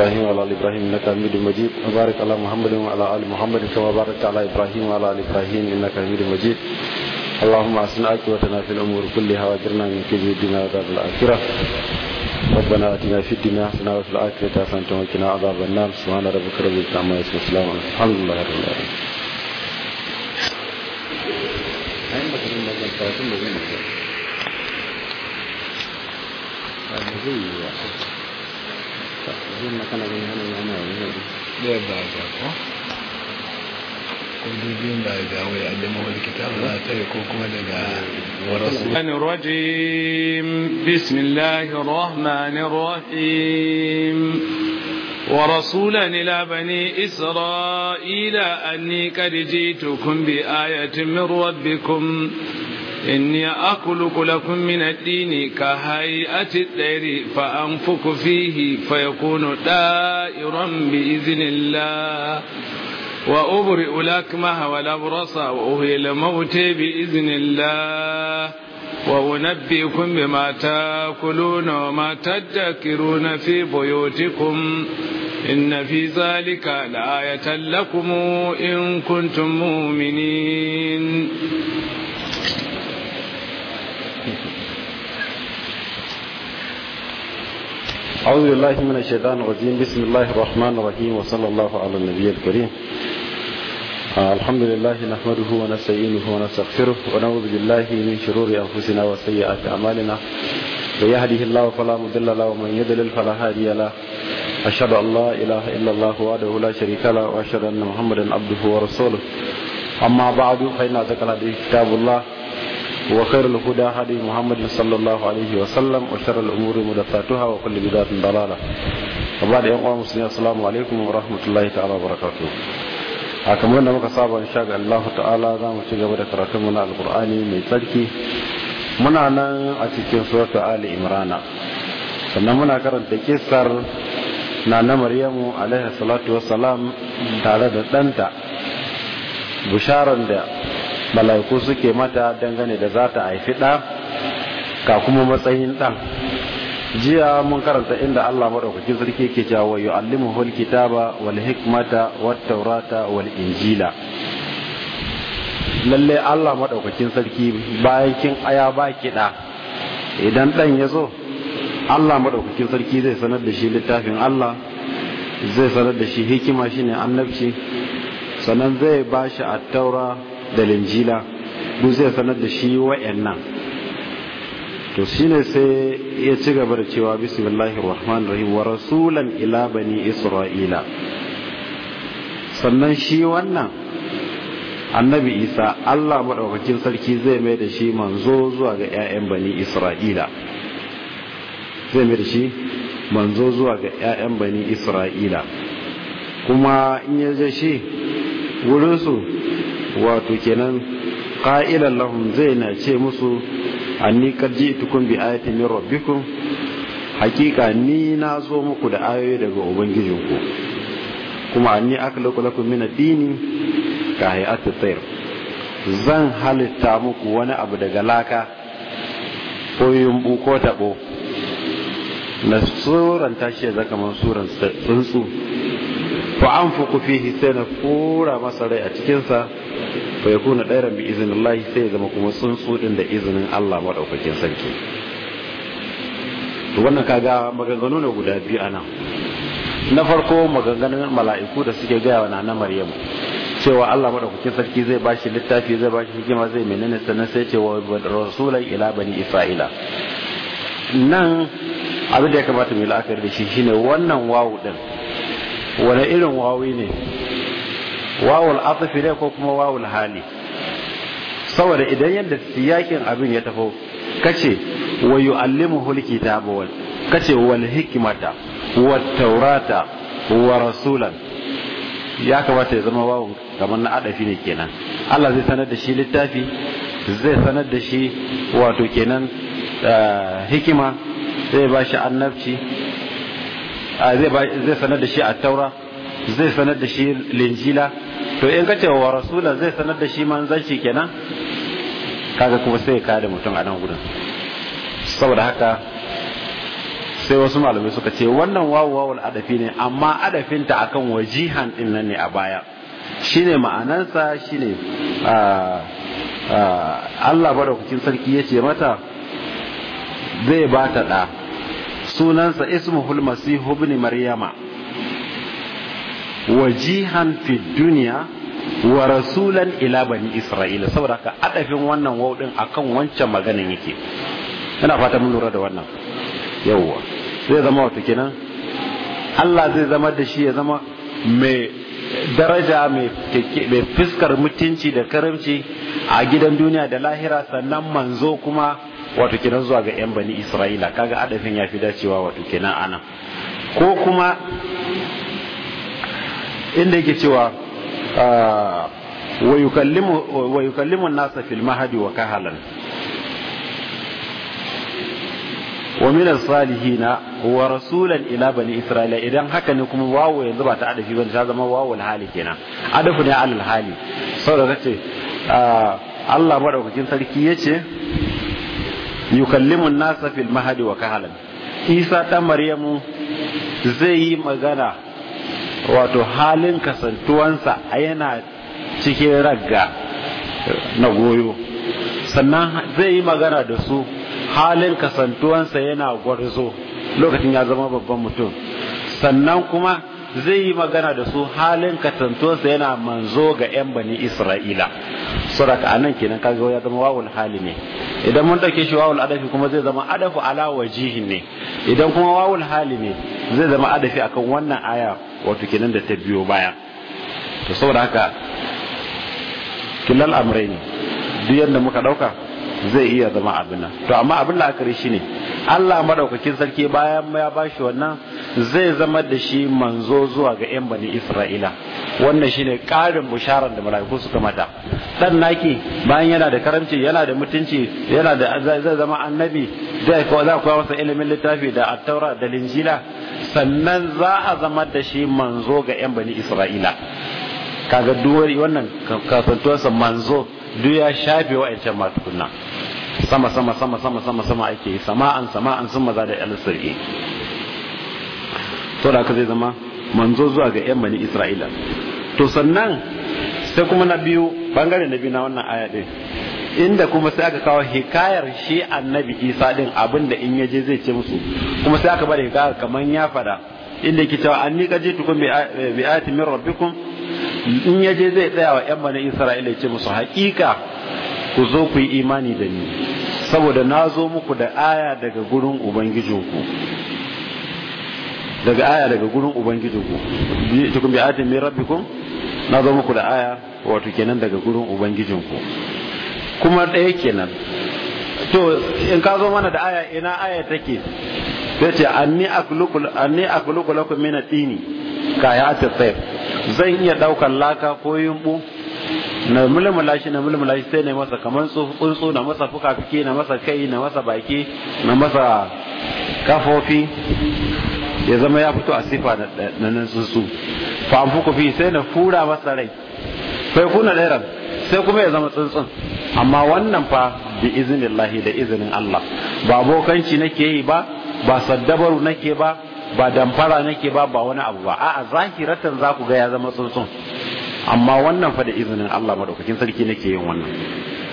إبراهيم وعلى آل إبراهيم إنك حميد مجيد وبارك على محمد وعلى آل محمد كما باركت على إبراهيم وعلى آل إبراهيم إنك حميد مجيد اللهم أحسن عاقبتنا في الأمور كلها وأجرنا من كبير الدنيا وعذاب الآخرة ربنا آتنا في الدنيا حسنة وفي الآخرة حسنة وقنا عذاب النار سبحان ربك رب العزة عما يصفون السلام الحمد لله رب العالمين Thank you. الرحمن الرجيم بسم الله الرحمن الرحيم ورسولا إلى بني إسرائيل أني قد جئتكم بآية من ربكم إني أخلق لكم من الدين كهيئة الدير فأنفق فيه فيكون دائرا بإذن الله وأبرئ لكمها والأبرص وأهي الموت بإذن الله وأنبئكم بما تأكلون وما تدكرون في بيوتكم إن في ذلك لآية لكم إن كنتم مؤمنين أعوذ بالله من الشيطان الرجيم بسم الله الرحمن الرحيم وصلى الله على النبي الكريم الحمد لله نحمده ونستعينه ونستغفره ونعوذ بالله من شرور أنفسنا وسيئات أعمالنا من يهده الله فلا مضل له ومن يضلل فلا هادي له أشهد أن لا إله إلا الله وحده لا شريك له وأشهد أن محمدا عبده ورسوله أما بعد فإن أتقى الحديث كتاب الله وخير الهدى هدي محمد صلى الله عليه وسلم وشر الأمور مدفاتها وكل بدعة ضلالة وبعد يوم المسلمين السلام عليكم ورحمة الله تعالى وبركاته أكمل أنك صعب إن شاء الله تعالى ذا مشجع ذكرتمنا القرآن من تركي منا أنا أتكلم سورة آل إمران sannan muna karanta kisar na na maryamu alaihi salatu wassalam tare da ɗanta bisharar da mala'iku suke mata dangane da za ta haifi ɗa ka kuma matsayin ɗan jiya mun karanta inda Allah maɗaukakin sarki ke cewa ta ba wal hikmata wat taurata wal injila lalle Allah maɗaukakin sarki bayan kin aya ba kiɗa idan ɗan ya zo Allah maɗaukakin sarki zai sanar da shi littafin Allah zai sanar da shi hikima shine annabci sannan zai ba shi taura da linjila duk zai sanar da shi nan to shine sai ya ci gaba da cewa bismillahir rahmanir rahim wa rasulan ila bani isra'ila sannan shi wannan annabi isa allah maɗaukacin sarki zai mai da shi manzo zuwa ga 'ya'yan bani isra'ila zai mai da shi manzo zuwa ga 'ya'yan bani isra'ila kuma in ya je shi wurinsu wato kenan qa'ilan lahum zai na ce musu anni qad tukun bi ayatin min rabbikum hakika ni na zo muku da ayoyi daga ubangijinku kuma anni akhlaqu lakum min ad-dini ka hay'ati tayr zan halitta muku wani abu daga laka ko yumbu ko tabo na suran tashi ya zaka man suran tsuntsu fa anfuqu fihi sai na fura masa rai a cikin sa fa yakuna ran bi iznillahi sai zama kuma tsuntsu din da izinin Allah madaukakin sarki to wannan kaga maganganu ne guda biyu a nan. na farko maganganun mala'iku da suke gaya wa na Maryamu cewa Allah madaukakin sarki zai bashi littafi zai bashi hikima zai menene sannan sai cewa wa ila bani isra'ila nan abin da ya kamata mu yi la'akari da shi shine wannan wawu din wani irin wawi ne wawul atafi ne ko kuma wawul hali saboda idan yadda siyakin abin ya tafi kace wa yu'allimuhu alkitaba wal kace wal hikmata wat taurata wa rasulan ya kamata ya zama wawun kamar na adafi ne kenan Allah zai sanar da shi littafi zai sanar da shi wato kenan eh, hikima zai ba shi annabci zai sanar da shi a taura zai sanar da shi linjila to in ka wa rasula zai sanar da shi manzanci kenan kaga kuma sai ka kada mutum a nan gudun saboda haka sai wasu malamai suka ce wannan wawu wawul adafi ne amma adafinta akan wajihan din nan ne a baya shine ma'anansa shine Allah barakucin sarki yace mata zai ba ta ɗa sunansa ismuhul masihu ibn maryama wajihan fi duniya wa rasulan ila bani isra'ila saboda haka adafin wannan wau din akan wancan maganin yake ina fata mun lura da wannan yawwa zai zama wato kenan Allah zai zama da shi ya zama mai daraja mai fuskar mutunci da karamci a gidan duniya da lahira sannan manzo kuma wato kenan zuwa ga yan bani isra'ila kaga adafin ya fi dacewa wato kenan anan ko kuma inda yake cewa ah, wa yukallimu nasa fil mahadi wa kahalan wa min as-salihina wa rasulan ila bani isra'ila idan haka ne kuma wawo yanzu ba ta adafi ba ta zama wawo hali kenan adafi ne alal hali saboda tace ah, Allah madaukakin sarki yace yukallimu nasa fil mahadi wa kahalan isa ta maryamu zai yi magana wato halin kasantuwansa a yana cikin ragga na goyo sannan zai yi magana da su halin kasantuwansa yana gwarzo lokacin ya zama babban mutum sannan kuma zai yi magana da su halin katantuwarsa yana manzo ga 'yan bani isra'ila suraka a nan kenan kaga ya zama wawul hali ne idan mun ɗauke shi wawul adafi kuma zai zama adafu ala wajihin ne idan kuma wawul hali ne zai zama adafi akan wannan aya wato kenan da ta biyo baya to saboda haka kilal amrai ne duk yadda muka ɗauka zai iya zama abin nan to amma abin rishi ne, Allah madaukakin sarki bayan ya bashi wannan zai zama da shi manzo zuwa ga yan bani Isra'ila wannan shine karin musharar da mala'iku suka mata dan naki bayan yana da karamci yana da mutunci yana da zai zama annabi zai ko za ku masa ilimin littafi da at-taura da linjila sannan za a zama da shi manzo ga yan bani Isra'ila kaga duwari wannan kasantuwarsa manzo duk ya shafe wa'ancan matukunna. sama sama sama sama sama sama ake sama'an sama'an sun maza da al-sirri to da ka zai zama manzo zuwa ga yan bani isra'ila to sannan sai kuma na biyu bangare na biyu na wannan aya din inda kuma sai aka kawo hikayar shi annabi isa din abinda in yaje zai ce musu kuma sai aka bada hikayar kamar ya fada inda yake cewa an ka je tukun bi'ati min rabbikum in yaje zai tsaya wa yan bani isra'ila ya ce musu haƙiƙa ku zo ku yi imani da ni saboda na zo muku da aya daga gurin ubangijinku daga aya daga gurin ubangijinku cikin bi'atin mai rabbikum na zo muku da aya wato kenan daga gurin ubangijinku kuma ɗaya kenan to in ka zo mana da aya ina aya take sai ce anni ni anni akluku lakum min ka ya ta zan iya ɗaukar laka ko yumbu na mulmula shi na mulmula shi sai na masa kamar tsuntsu na masa fuka na masa kai na masa baki na masa kafofi ya zama ya fito a sifa na nan tsuntsu fa an fuku fi sai na fura masa rai sai kuna ran sai kuma ya zama tsuntsun amma wannan fa bi iznillahi da izinin Allah ba abokanci nake yi ba ba saddabaru nake ba ba damfara nake ba ba wani abu ba a'a zahiratan za ku ga ya zama tsuntsun amma wannan fa da izinin Allah madaukakin sarki nake yin wannan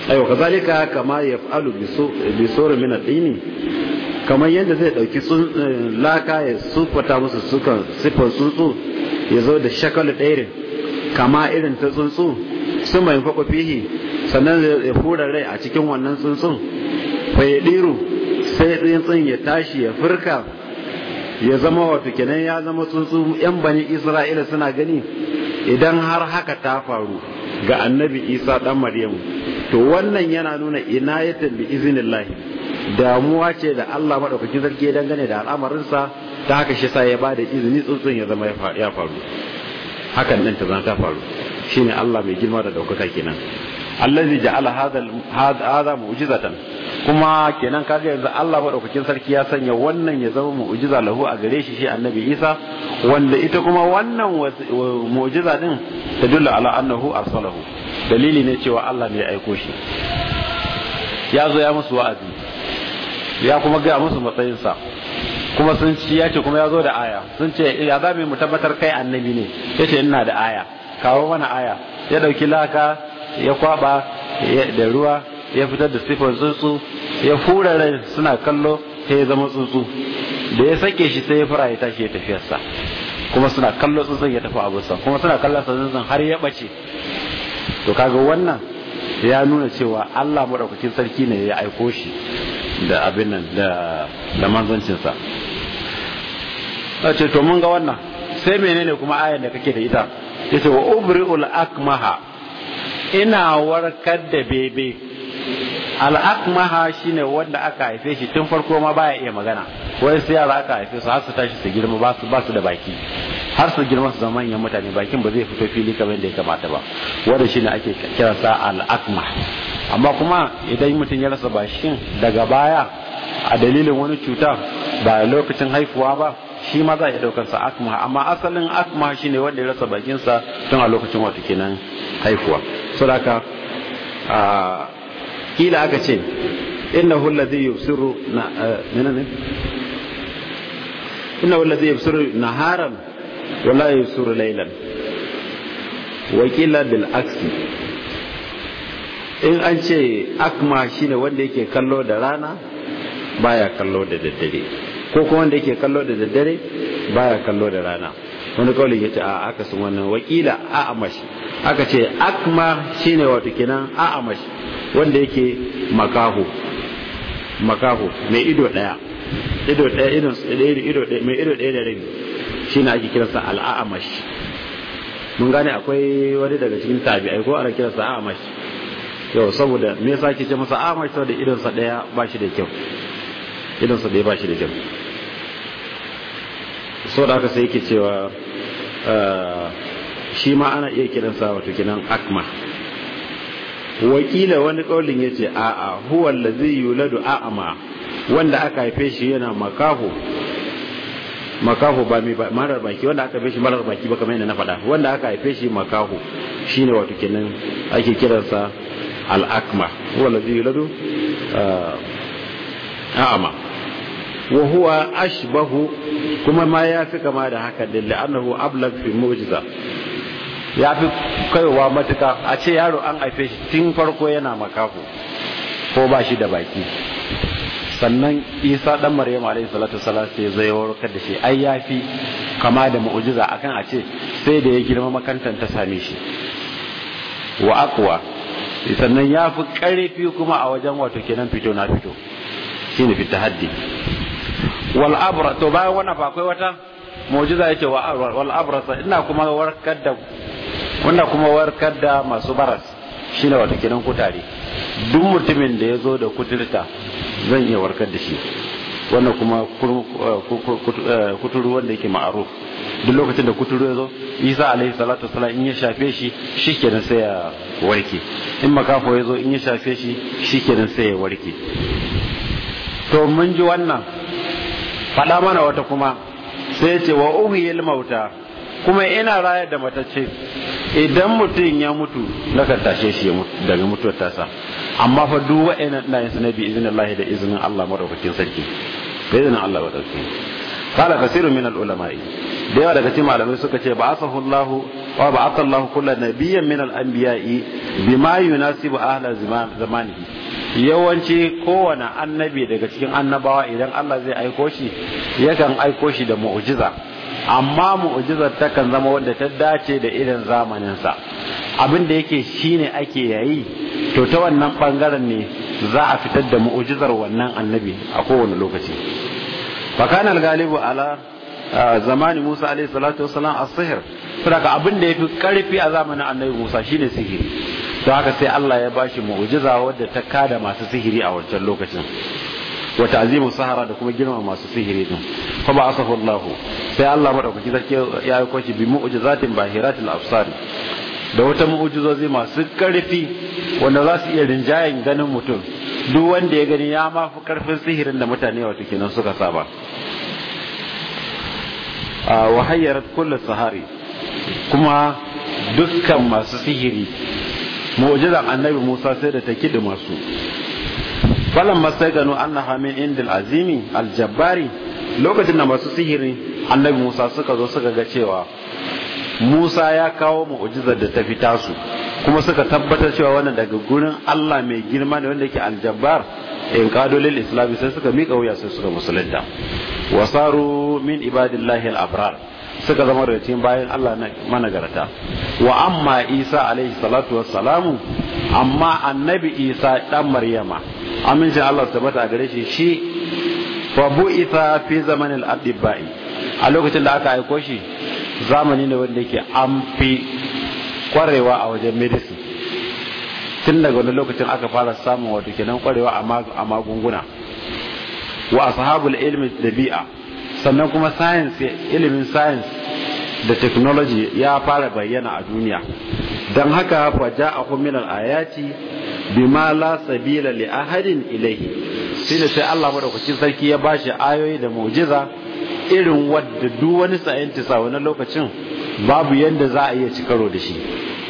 ayo kazalika kama yaf'alu bi sura min al-dini kamar yadda zai dauki eh, laka ya sufata musu sukan sifar tsuntsu ya zo da shakalu ɗairin kama irin ta tsuntsu su mai faƙo fihi sannan ya fura rai a cikin wannan tsuntsun fa ya ɗiru sai tsuntsun ya tashi ya furka ya zama wato kenan ya zama tsuntsu yan bani isra'ila suna gani idan har haka ta faru ga annabi isa dan maryamu to wannan yana nuna ina inayatan izinin lahi damuwa ce da Allah maɗaukakin sarki ya dangane da al'amarinsa ta haka shi sa ya ba da izini tsuntsun ya zama ya faru hakan nan ta ta faru shine Allah mai girma da ɗaukaka kenan allazi ja'ala hadha hadha mu'jizatan kuma kenan kaga yanzu Allah madaukakin sarki ya sanya wannan ya zama mu'jiza lahu a gare shi shi annabi Isa wanda ita kuma wannan mu'jiza din tadullu ala annahu arsalahu dalili ne cewa Allah ne ya aiko shi ya zo ya musu wa'azi ya kuma ga musu matsayinsa kuma sun ci ya ce kuma ya zo da aya sun ce ya za mu tabbatar kai annabi ne ya ce ina da aya kawo mana aya ya dauki laka ya kwaba da ruwa ya fitar da sifar tsuntsu ya fura rai suna kallo sai ya zama tsuntsu da ya sake shi sai ya fara ya tashi ya tafiyarsa kuma suna kallo tsuntsun ya tafi abinsa kuma suna kallon tsuntsun har ya bace to kaga wannan ya nuna cewa Allah maɗaukakin sarki ne ya aiko shi da abin nan da manzancinsa a ce to mun ga wannan sai menene kuma ayan da kake da ita yace wa wa ubri'ul akmaha ina warkar da bebe al'akmaha shine wanda aka haife shi tun farko ma baya iya magana wani sai yara aka haife su har su tashi su girma ba su da baki har su girma su zama manyan mutane bakin ba zai fito fili kamar da ya kamata ba wanda shine ake kira sa al'akma amma kuma idan mutum ya rasa bashin daga baya a dalilin wani cuta ba lokacin haifuwa ba shi ma za a iya sa akma amma asalin akma shine wanda ya rasa bakinsa tun a lokacin wato kenan haihuwa saboda kila aka ce innahu alladhi yubsiru na menene innahu alladhi yubsiru naharan wala yubsiru laylan wa kila bil aksi in an ce akma shine wanda yake kallo da rana baya kallo da daddare ko kuma wanda yake kallo da daddare baya kallo da rana wani kawai ya ce a aka sun wannan wakila a amash aka ce akma shine wato kenan a amash wanda yake makaho makaho mai ido daya ido daya ido ido mai ido daya da rabi shine ake kiransa al'amash mun gane akwai wani daga cikin tabi'ai ko ana sa a'amash yau saboda me yasa ake ce masa a'amash saboda idonsa daya ba shi da kyau idansa ɗaya ba shi da kyau sau da aka sai yake cewa ah, shi ma ana iya kiransa wato kinan akma wakila wani kaulin ya ce a'a huwa allazi yuladu a'ama wanda aka haife shi yana makaho makaho ba mai marar baki wanda aka haife shi marar baki ba kamar yadda na faɗa wanda aka haife shi makaho shine wato kenan ake kiransa al-akma huwa allazi yuladu a'ama ah, wa huwa ashbahu kuma ma ya fi kama da haka din annahu ablag fi mu'jiza ya fi kaiwa matuka a ce yaro an aife shi tun farko yana makaho ko ba shi da baki sannan isa dan maryam alayhi salatu wasalam sai zai warkar da shi ai ya fi kama da mu'jiza akan a ce sai da ya girma makantan ta same shi wa aqwa sannan ya fi karfi kuma a wajen wato kenan fito na fito shine fitahaddi wal abra to bayan wannan fa akwai wata mu'jiza yake wal abrasa ina kuma warkar da wanda kuma warkar da masu baras shine wata kinan kutare duk mutumin da ya zo da kuturta zan iya warkar da shi wannan kuma eh, kuturu wanda yake ma'aruf duk lokacin da kuturu ya zo isa alaihi salatu wassalam in ya shafe shi shikenan sai ya warke in makafo ya zo in ya shafe shi shikenan sai ya warke to mun ji wannan faɗa mana wata kuma sai ce wa uhiyil mauta kuma ina rayar da matacce idan mutum ya mutu nakan tashe shi daga mutuwar tasa amma fa duk wa'annan ina yin sanabi izinin Allah da izinin Allah madaukakin sarki da izinin Allah madaukakin kala kasiru min al da yawa daga cikin malamai suka ce ba'athahu Allah wa ba'atha Allah kullu nabiyyan min al-anbiya'i bima yunasibu ahla zamanihi yawanci kowane annabi daga cikin annabawa idan Allah zai aiko shi yakan aiko shi da mu'jiza amma mu'jizar kan zama wanda ta dace da irin zamaninsa abin da yake shine ake yayi to ta wannan bangaren ne za a fitar da mu'jizar wannan annabi a kowane lokaci fa kana al-galibu ala ah, zamani Musa alayhi salatu wassalam as-sihr saboda abin da ya fi karfi a zamanin annabi Musa shine sihiri to haka sai Allah ya bashi mu'jiza wadda ta kada masu sihiri a wancan lokacin wa ta'zimu sahara da kuma girma masu sihiri din fa ba asahu Allah sai Allah madaukaki zake ya aiko shi bi mu'jizatin bahiratil absari da wata mu'jizozi masu karfi wanda za su iya rinjayen ganin mutum duk wanda ya gani ya ma fi karfin sihirin da mutane wato kenan suka saba A hayyarat kullu sahari kuma dukkan masu sihiri mu'jizan annabi Musa sai da ta da masu falan masaiganu annaha min indil azimi Aljabari, lokacin da masu sihiri annabi Musa suka zo suka ga cewa Musa ya kawo mu'jizar da ta fita su kuma suka tabbatar cewa wannan daga gurin Allah mai girma ne wanda yake aljabbar in kado lil islami sai suka mika wuya sai suka musulunta wasaru min ibadillahi al-abrar suka zama da cikin bayan Allah na managarta wa amma Isa alaihi salatu wassalamu amma annabi Isa dan Maryama amincin Allah tabbata gare shi shi fa bu'itha fi zamanil adibai a lokacin da aka aiko shi zamani ne wanda yake an fi kwarewa a wajen medicine tun daga wani lokacin aka fara samun wato kenan kwarewa a magunguna wa ashabul ilmi dabi'a sannan kuma science ilimin science da technology ya fara bayyana a duniya don haka faja a minal ayati bima la sabila li ahadin ilaihi sai da sai Allah madaukakin sarki ya bashi ayoyi da mu'jiza irin wadda duk wani scientist a wani lokacin babu yanda za a iya cikaro da shi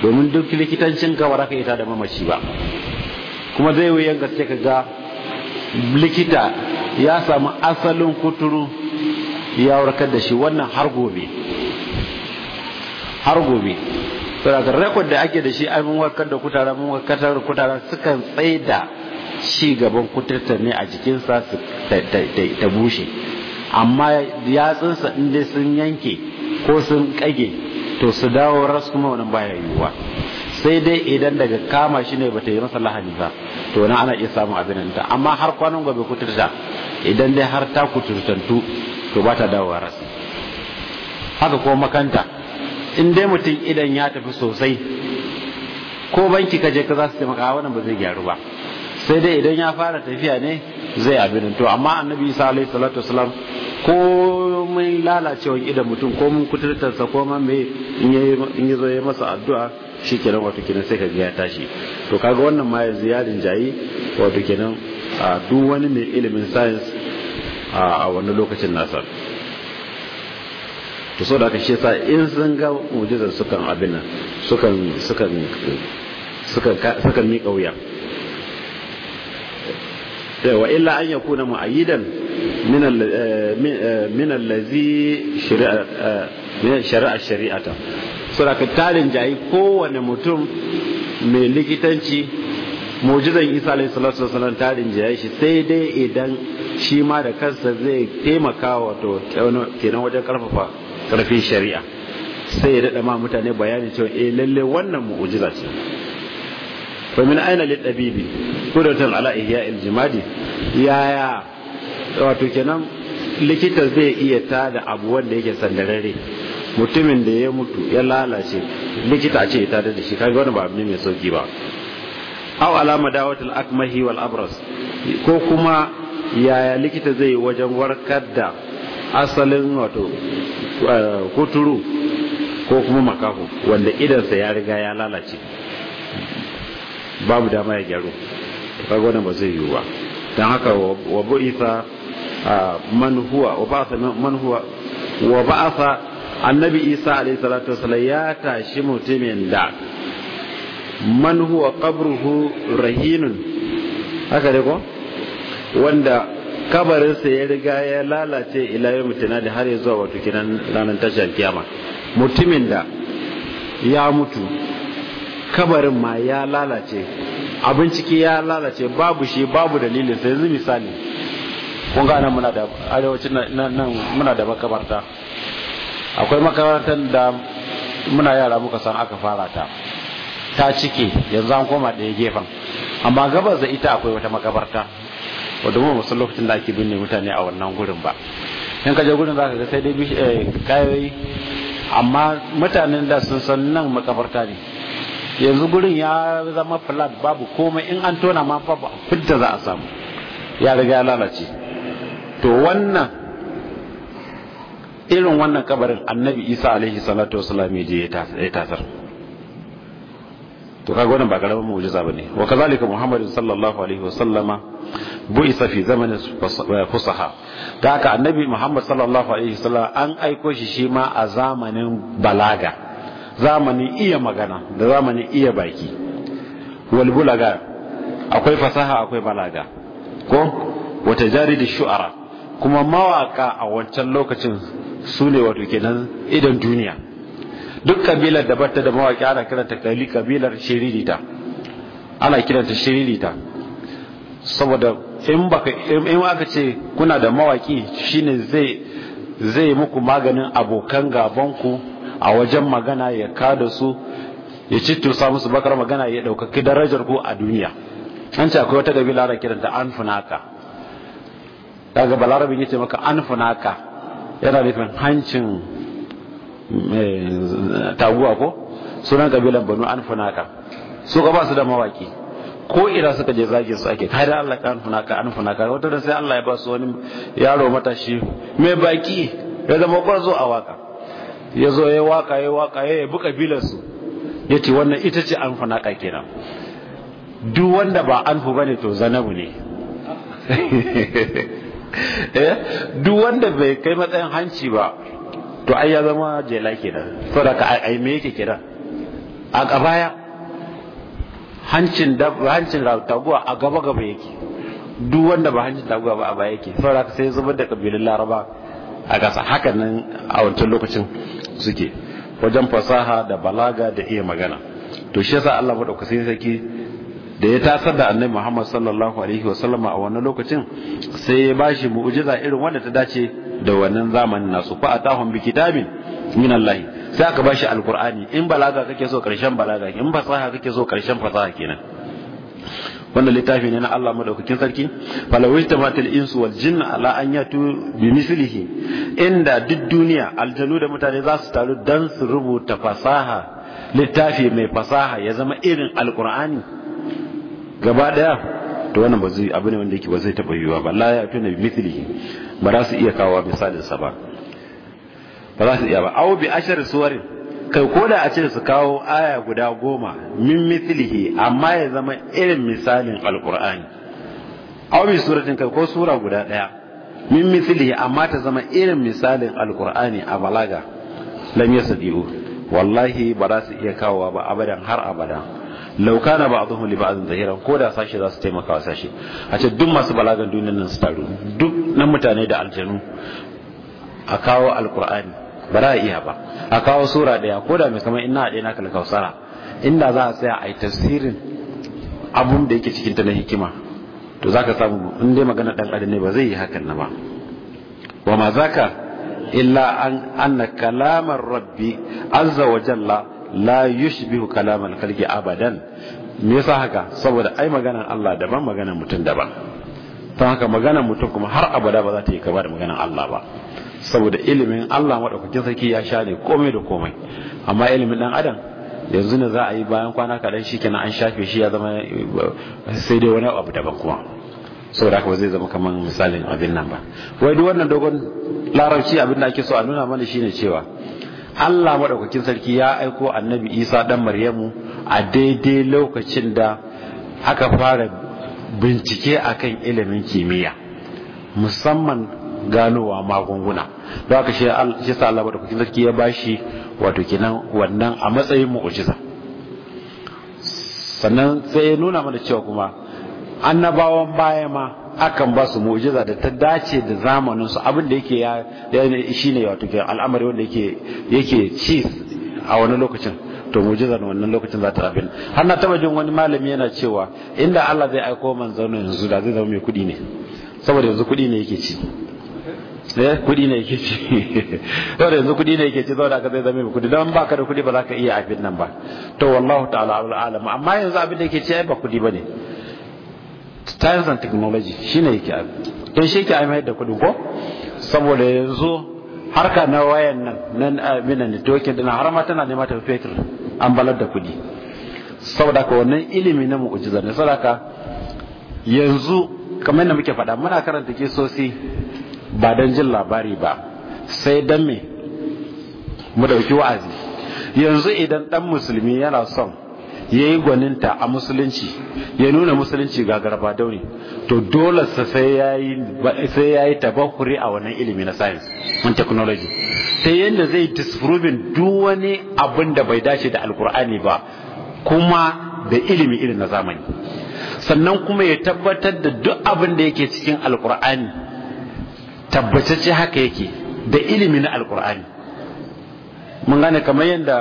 domin duk likitancin ka ba ita da mamaci ba kuma zai wuyan gaske ka ga likita ya samu asalin kuturu ya warkar da shi wannan har gobe har gobe saboda rekod da ake da shi ai mun warkar da kutara mun warkar da kutara sukan tsaida ci gaban kuturtar ne a jikinsa ta bushe amma yatsunsa in dai sun yanke ko sun kage to su dawo ras kuma wannan baya yiwuwa sai dai idan daga kama shi ne bata yi masa lahani ba to na ana iya samun abin amma har kwanan gobe kuturta idan dai har ta kuturtantu to ba ta dawowa ras haka ko makanta in dai mutum idan ya tafi sosai ko banki kaje ka za su taimaka wannan ba zai gyaru ba sai dai idan ya fara tafiya ne zai abin to amma annabi isa alaihi salatu wasalam ko mun lalacewa idan mutum ko mun kuturtarsa ko ma me in ya zo masa addu'a shi kenan wato kenan sai ka ya tashi to kaga wannan ma yanzu ya rinjayi wato kenan duk wani mai ilimin science a wani lokacin nasa to so da shi yasa in sun ga mujizar sukan abin nan sukan sukan sukan sukan miƙa wuya wa illa an yakuna mu'ayyidan min eh, eh, min allazi shari'a eh, shari'a shari'ata so da talin jayi kowane mutum mai likitanci mujizan Isa alayhi salatu wasallam tarin jayi shi sai dai idan shi ma da kansa zai taimaka wato kenan wajen karfafa karfin shari'a sai ya daɗa ma mutane bayani cewa eh lalle wannan mu'ujiza ce fa min aina lil dabibi qudratan ala al jimadi yaya wato kenan likita zai iya tada abu wanda yake sandarare mutumin da ya mutu ya lalace likita ce ya tada da shi kaga wani ba abu ne mai sauki ba aw alama dawatul akmahi wal abras ko kuma yaya likita zai wajen warkar da asalin wato eh, kuturu ko kuma makaho wanda idansa ya riga ya lalace babu dama ya gyaru kaga ba zai yiwu ba don haka wa buisa man huwa wa ba'atha man huwa wa ba'atha annabi isa alayhi salatu wasallam ya tashi mutumin da man huwa qabruhu rahinun haka dai ko wanda kabarinsa ya riga ya lalace ila yau mutuna da har ya zuwa wato kinan ranar tashar kiyama mutumin da ya mutu kabarin ma ya lalace abin ciki ya lalace babu shi babu dalilin sai yanzu misali kun ga nan muna da arewacin nan muna da makabarta akwai makabartar da muna yara muka san aka fara ta ta cike yanzu an koma ɗaya gefen amma gabas da ita akwai wata makabarta ba mu san lokacin da ake binne mutane a wannan gurin ba yan ka je gurin za ka ga sai dai eh, kayoyi amma mutanen da sun san nan makabarta ne yanzu gurin ya zama flat babu komai in an tona ma ba fitta za a samu ya riga ya lalace to wannan irin wannan kabarin annabi isa alaihi salatu wasalam ya je ya tasar to kaga wannan ba karamin mu'jiza bane wa kazalika muhammad sallallahu alaihi wa sallama bu'isa fi zamanin fusaha da aka annabi muhammad sallallahu alaihi wa sallama an aiko shi shi ma a zamanin balaga zamanin iya magana da zamanin iya baki wal bulaga akwai fasaha akwai balaga ko wa tajaridi shu'ara kuma mawaka a wancan lokacin su ne wato kenan idan duniya duk kabilar da bata da mawaƙi ana kiranta kabilar shiririta ana kiranta shiririta saboda in baka in aka ce kuna da mawaki shine zai zai muku maganin abokan gaban ku a wajen magana ya kada su ya cittusa musu bakar magana ya ɗaukaki darajar ku a duniya an ce akwai wata kabila ana kiranta anfunaka daga balarabin yace maka anfunaka yana nufin hancin Eh, taguwa ko sunan kabilan banu an funaka su ka ba su da mawaki ko ira suka je zagin su ake da Allah ka an funaka an funaka wata da sai Allah ya ba su wani yaro matashi mai baki ya zama kwarzo a waka ya zo ya waka ya waka ya yabi kabilan su ya ce wannan ita ce an funaka kenan duk wanda ba anfu bane to zanabu ne eh? duk wanda bai kai matsayin hanci ba to ai ya zama jela kenan da, ka ai me yake kira a gabaya hancin da hancin taguwa a gaba gaba yake duk wanda ba hancin taguwa ba a baya yake to da sai zubar da kabilan laraba a gasa haka nan a wancan lokacin suke wajen fasaha da balaga da iya magana to shi yasa Allah madaukakin sarki da ya tasar da annabi Muhammad sallallahu alaihi wasallam a wannan lokacin sai ya bashi mu'jiza irin wanda ta dace da wannan zamanin nasu fa atahum bi kitabin min Allah sai aka bashi alqur'ani in balaga kake so karshen balaga in fasaha kake so karshen fasaha kenan wannan littafi ne na Allah madaukakin sarki falawai tamatil insu wal jinna ala an yatu bi mislihi inda duk duniya aljanu da mutane za su taru dan su rubuta fasaha littafi mai fasaha ya zama irin alqur'ani gaba daya to wannan ba zai abu ne wanda yake ba zai taba ba la ya tuna bi mislihi ba za su iya kawo misalinsa ba ba za su iya ba au bi ashar suwarin kai ko da a ce su kawo aya guda goma min mithlihi amma ya zama irin misalin alqur'ani au bi suratin kai ko sura guda daya min mithlihi amma ta zama irin misalin alqur'ani a balaga lam yasdiu wallahi ba za su iya kawo ba abadan har abadan. law kana ba'dhum li ba'dhin zahiran ko da sashi za su taimaka wa sashi a ce duk masu balagan duniyar nan su taru duk na mutane da aljanu a kawo alqur'ani ba za a iya ba a kawo sura daya ko da mai kamar ina ɗaya na kalkausara inda za a tsaya a yi tafsirin abun da yake cikin ta na hikima to zaka samu in dai magana dan adam ne ba zai yi hakan na ba wa ma zaka illa an anna kalamar rabbi azza wa jalla la yushbihu kalamal khalqi abadan me yasa haka saboda ai maganan Allah daban maganan mutum daban don haka maganar mutum kuma har abada ba za ta yi kaba da maganan Allah ba saboda ilimin Allah madaukakin sarki ya sha ne komai da komai amma ilimin dan adam yanzu ne za a yi bayan kwana kaɗan shi kenan an shafe shi ya zama eh, sai dai wani abu daban kuma saboda haka zai zama kamar misalin abin nan ba wai duk wannan dogon larabci abin da ake so a nuna mana shine cewa Allah maɗaukakin sarki ya aiko annabi Isa ɗan Maryamu a daidai lokacin da aka fara bincike akan ilimin kimiyya musamman ganowa magunguna don haka shi sa Allah maɗaukakin sarki ya bashi wato kenan wannan a matsayin mu'ujiza sannan sai ya nuna mana cewa kuma annabawan baya ma akan ba su mu'jiza da ta dace da zamanin su abin da yake ya shine wato ke al'amari wanda yake yake ci a wani lokacin to na wannan lokacin za ta abin Hanna na taba jin wani malami yana cewa inda Allah zai aiko manzon yanzu da zai zama mai kudi ne saboda yanzu kudi ne yake ci eh kudi ne yake ci saboda yanzu kudi ne yake ci saboda ka zai zama mai kudi dan baka da kudi ba za ka iya abin nan ba to wallahu ta'ala alam amma yanzu abin da yake ci ai ba kudi bane science and technology shi shine yake don eh, shi ke amai da kuɗi ko saboda yanzu harka na wayan nan ah, nan mina networking din har ma tana nema ta fetur an balar da kuɗi saboda ka wannan ilimi na mu'ujiza ne saboda ka yanzu kamar yadda muke faɗa muna karanta kisosi ba don jin labari ba sai dan me mu ɗauki wa'azi yanzu idan ɗan musulmi yana son ya yi gwaninta a musulunci ya nuna musulunci ga garba dauni to dole sai ya yi tabakuri a wannan ilimi na science and technology ta yadda zai disproven duk wani abin da bai dace da alkur'ani ba kuma da ilimi irin na zamani sannan kuma ya tabbatar da duk abin da yake cikin alkur'ani tabbatacce haka yake da ilimi na alkur'ani mun gane kamar yadda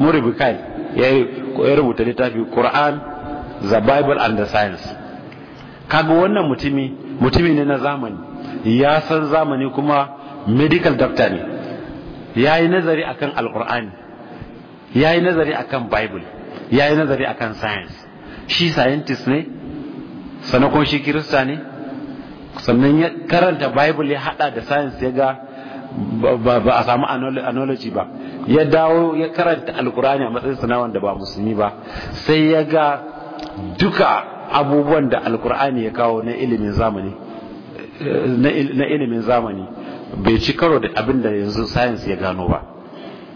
muribukai ya rubuta littafi Quran the Bible and the Science kaga wannan mutumi mutumi ne na zamani ya san zamani kuma medical doctor ne ya yi nazari akan alkur'ani ya yi nazari akan bible ya yi nazari akan science shi scientist ne sanakon shi kirista ne sannan ya karanta bible ya hada da science ya ga ba a samu analogy ba ya dawo ya karanta alkurani a matsayin na wanda ba musulmi ba sai ya ga duka abubuwan da alkurani ya kawo na ilimin zamani bai ci karo da abin da yanzu science ya gano ba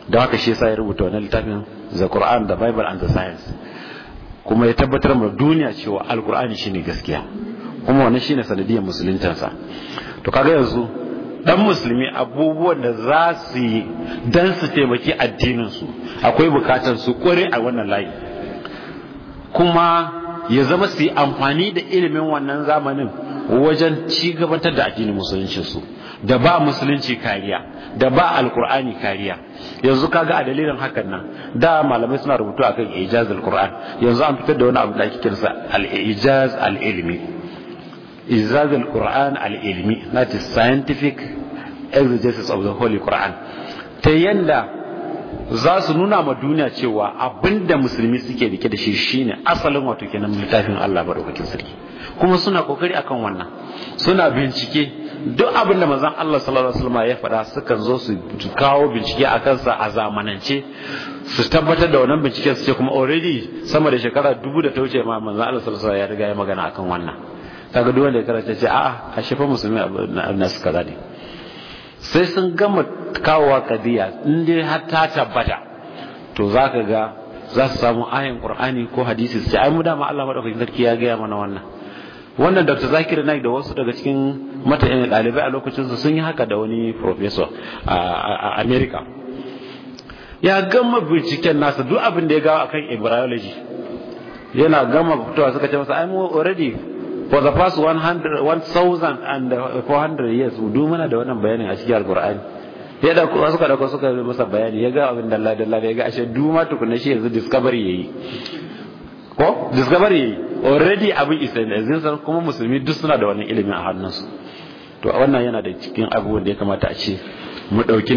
da haka shi yasa ya rubuta wannan littafin the Quran the Bible and the science kuma ya tabbatar ma duniya cewa alkur'ani shine gaskiya kuma wannan shine sanadiyar musuluntansa to kaga yanzu dan musulmi abubuwan da za su yi don su taimaki addininsu akwai bukatar su kware a wannan layi kuma ya zama su yi amfani da ilimin wannan zamanin wajen ci gabatar da addinin musuluncinsu da ba musulunci kariya da ba alkur'ani kariya yanzu kaga a dalilin hakan nan da malamai suna rubutu akan ijaz alkur'an yanzu an fitar da wani abu da ake kirsa al-ijaz al-ilmi إزاز القرآن العلمي that is scientific exegesis of the Holy Quran ta yanda za su nuna ma duniya cewa abinda musulmi suke rike da shi shine asalin wato kenan littafin Allah madaukakin sarki kuma suna kokari akan wannan suna bincike duk abinda manzon Allah sallallahu alaihi wasallam ya faɗa sukan zo su kawo bincike a kansa a zamanance su tabbatar da wannan binciken su ce kuma already sama da shekara dubu da ta wuce ma manzon Allah sallallahu alaihi wasallam ya riga ya magana akan wannan kaga duk wanda ya karanta ce a'a a shafa musulmi abin nasu kaza ne sai sun gama kawowa kadiya in dai har ta tabbata to za ka ga za su samu ayin qur'ani ko hadisi sai ai mu dama Allah madaukakin sarki ya gaya mana wannan wannan Dr. Zakir Naik da wasu daga cikin matayen ɗalibai a lokacin su sun yi haka da wani professor a America ya gama binciken nasa duk abin da ya gawa akan embryology yana gama fitowa suka ce masa ai mu already for the past 1,400 years du muna da wannan bayanin a cikin alkur'ani ya da suka dauko suka masa bayani ya ga abin dalla da ya ga ashe duma tukuna shi yanzu discovery yayi ko discovery already abin isa yanzu kuma musulmi duk suna da wannan ilimin a hannunsu to a wannan yana da cikin abubuwan da ya kamata a ce mu ɗauki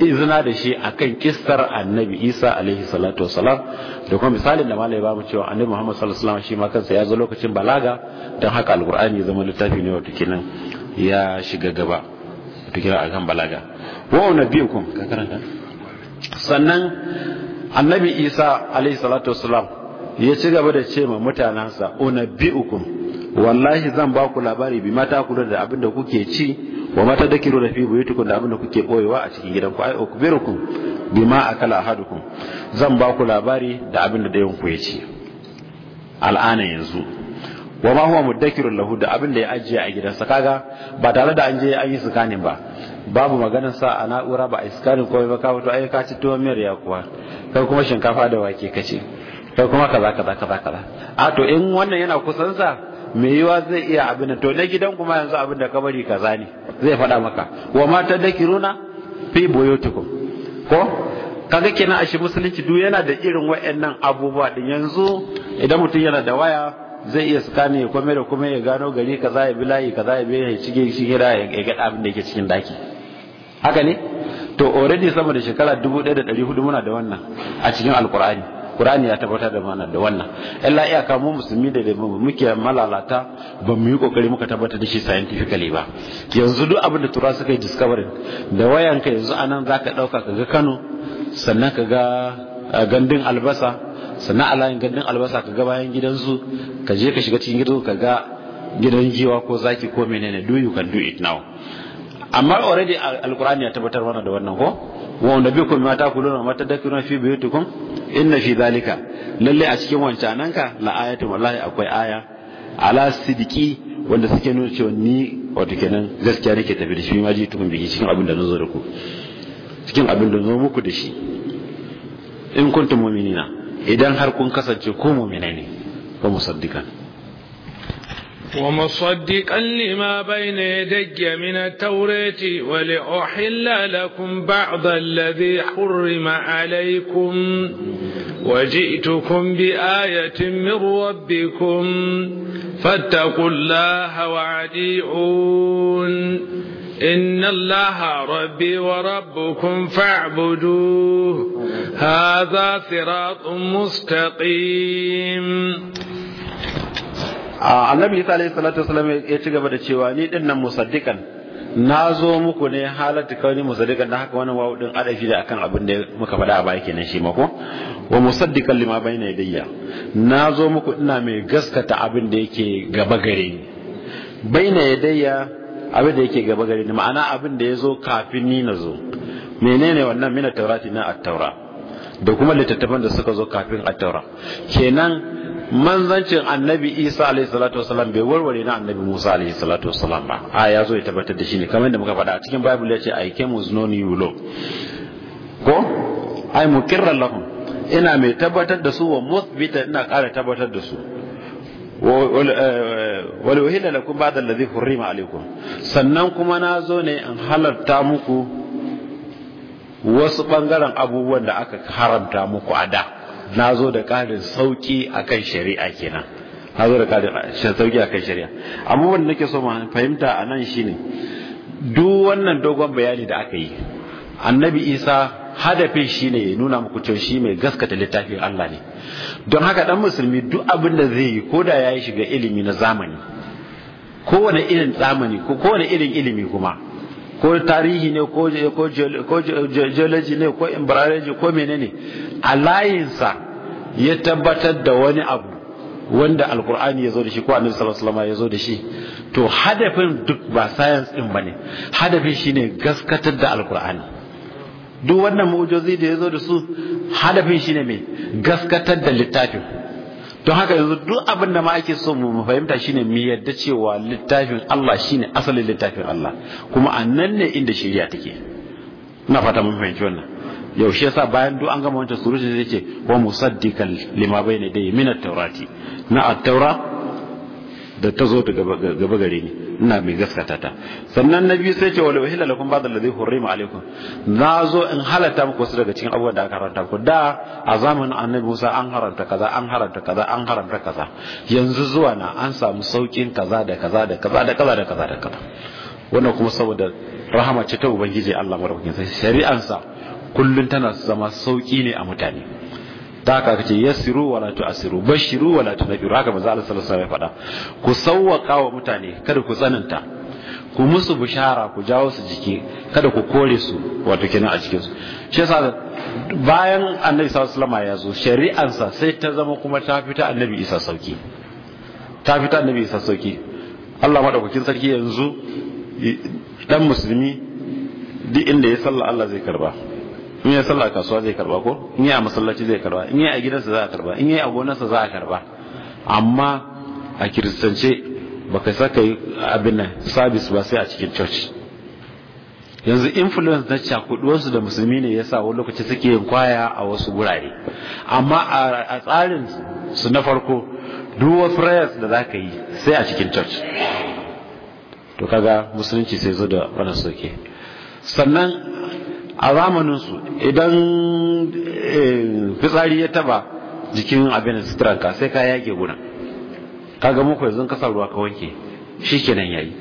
izina da shi akan kistar annabi isa alaihi salatu wasalam da kuma misalin da malai ba mu cewa annabi muhammad sallallahu alaihi wasallam shi ma kansa ya zo lokacin balaga don haka alkur'ani zama littafi ne wato kenan ya shiga gaba wato kenan akan balaga wa nabiyukum ka karanta sannan annabi isa alaihi salatu wasalam ya ci gaba da ce ma mutanansa unabbiukum wallahi zan ba ku labari bi mata ku da abin da kuke ci wa mata da kiro da fi buyutukun da abin da kuke boyewa a cikin gidanku ai ukbirukum bima akala ahadukum zan ba ku labari da abin da dayan ku ya ci al'ana yanzu wa ma huwa muddakirun lahu da abin da ya ajiye a gidansa kaga ba tare da an je an yi sukanin ba babu maganar sa a na'ura ba a sikanin komai ba ka to ai ka ci tuwon miyar ya kuwa kai kuma shinkafa da wake kace kai kuma kaza kaza kaza kaza a to in wannan yana kusansa mai yiwa zai iya abin to na gidan kuma yanzu abin da kabari kaza ne zai faɗa maka wa mata da kiruna fi boyotikum ko kaga kenan ashe musulunci duk yana da irin waɗannan abubuwa din yanzu idan mutum yana da waya zai iya sukani ya kome da kuma ya gano gari kaza ya bi layi kaza ya bi ya shige shi da ya ga abin da yake cikin daki haka ne to already sama da shekara 1400 muna da wannan a cikin alkur'ani Qur'ani ya tabbatar da mana da wannan illa iyaka mu musulmi da muke malalata ba mu yi kokari muka tabbatar da shi scientifically ba yanzu duk abin da tura suka yi discovery da ka yanzu anan zaka dauka kaga Kano sannan kaga gandun albasa sannan alayin gandun albasa kaga bayan gidansu ka je ka shiga cikin gidansu kaga gidan giwa ko zaki ko menene do you can do it now amma already alqur'ani ya tabbatar mana da wannan ko wa wanda bi ku ma mata da kuna fi buyutikum inna fi zalika lalle a cikin wancanan ka la ayatu wallahi akwai aya ala sidiki wanda suke nuna cewa ni wato kenan gaskiya nake tafi da shi ma ji tukun biki cikin abin da na zo da ku cikin abin da zo muku da shi in kuntum mu'minina idan har kun kasance ko mu'minai ne ko musaddiqan ومصدقا لما بين يدي من التوراة ولأحل لكم بعض الذي حرم عليكم وجئتكم بآية من ربكم فاتقوا الله وعديعون إن الله ربي وربكم فاعبدوه هذا صراط مستقيم annabi isa alaihi salatu wasallam ya ci gaba da cewa ni din nan musaddiqan na zo muku ne halatu kauni musaddiqan da haka wannan wawu din adafi da akan abin da muka faɗa a baya kenan shi mako ko wa musaddiqan lima bayna yadayya na zo muku ina mai gaskata abin da yake gaba gare ni bayna yadayya abin da yake gaba gare ni ma'ana abin da ya kafin ni na zo menene wannan mina taurati na at-taura da kuma littattafan da suka zo kafin at-taura kenan manzancin annabi isa alayhi salatu wasalam bai warware na annabi musa alayhi salatu wasalam ba a ya zo ya tabbatar da shi ne kamar yadda muka faɗa a cikin bible ya ce i came with no new law ko ai muqirran lahum ina mai tabbatar da su wa musbita ina ƙara tabbatar da su wal eh, uhilla lakum ba'da alladhi hurrima alaikum sannan kuma na zo ne in halarta muku wasu bangaren abubuwan da aka haramta muku a da na zo da ƙarin sauƙi a kan shari'a kenan na zo da ƙarin sauƙi a kan shari'a amma wanda nake so fahimta a nan ne duk wannan dogon bayani da aka yi annabi isa hadafin shi ne ya nuna muku cewa shi mai gaskata littafin allah ne don haka ɗan musulmi duk abin da zai yi ko da ya yi shiga ilimi na zamani kowane irin zamani ko kowane irin ilimi kuma ko tarihi ne ko geology ne ko embryology ko menene a layinsa ya tabbatar da wani abu wanda alkur'ani ya zo da shi ko annabi sallallahu alaihi wasallam ya zo da shi to hadafin duk ba science din bane hadafin shine gaskatar da alkur'ani duk wannan mu'jizozi da ya zo da su hadafin shine mai, gaskatar da littafin don haka yanzu duk abin da ma ake so mu fahimta shine mu yadda cewa littafin Allah shine asalin littafin Allah kuma a nan ne inda shari'a take ina fata mun fahimci wannan yau shi yasa bayan duk an gama wancan surutu zai ce wa musaddikan lima bayna dai min at-taurati na at-taura da ta zo daga gaba gare ni ina mai gaskata ta sannan na biyu sai ce wal wahila da ba'd hurri ma alaikum na zo in halatta muku wasu daga cikin abubuwan da aka haranta ku da a zamanin annabi Musa an haranta kaza an haranta kaza an haranta kaza yanzu zuwa na an samu saukin kaza da kaza da kaza da kaza da kaza da kaza wannan kuma saboda rahama ce ta ubangiji Allah maraukin sai sa kullum tana zama sauki ne a mutane ta haka kace yassiru wala tu'siru bashiru wala tunfiru haka manzo Allah sallallahu alaihi wasallam ya faɗa ku sawwaka wa mutane kada ku tsananta ku musu bushara ku jawo su jiki kada ku kore su wato kenan a cikin su shi yasa bayan annabi sallallahu alaihi wasallam ya zo sa sai ta zama kuma ta fita annabi isa sauki ta fita annabi isa sauki Allah madaukakin sarki yanzu dan musulmi duk inda ya salla Allah zai karba in ya sallah kasuwa zai karba ko in ya masallaci zai karba in ya a gidansa za a karba in ya a gonarsa za a karba amma a kiristance baka saka abin nan sabis ba sai a cikin church yanzu influence na cakuduwarsu da musulmi ne ya sa wani lokaci suke yin kwaya a wasu gurare amma a tsarin su na farko duwa prayers da za ka yi sai a cikin church to kaga musulunci sai zo da wani soke sannan a zamaninsu idan eh, fitsari ya taba jikin abin suturanka sai ka yage gudan kaga muku yanzu ka sa ruwa ka wanke shi kenan yayi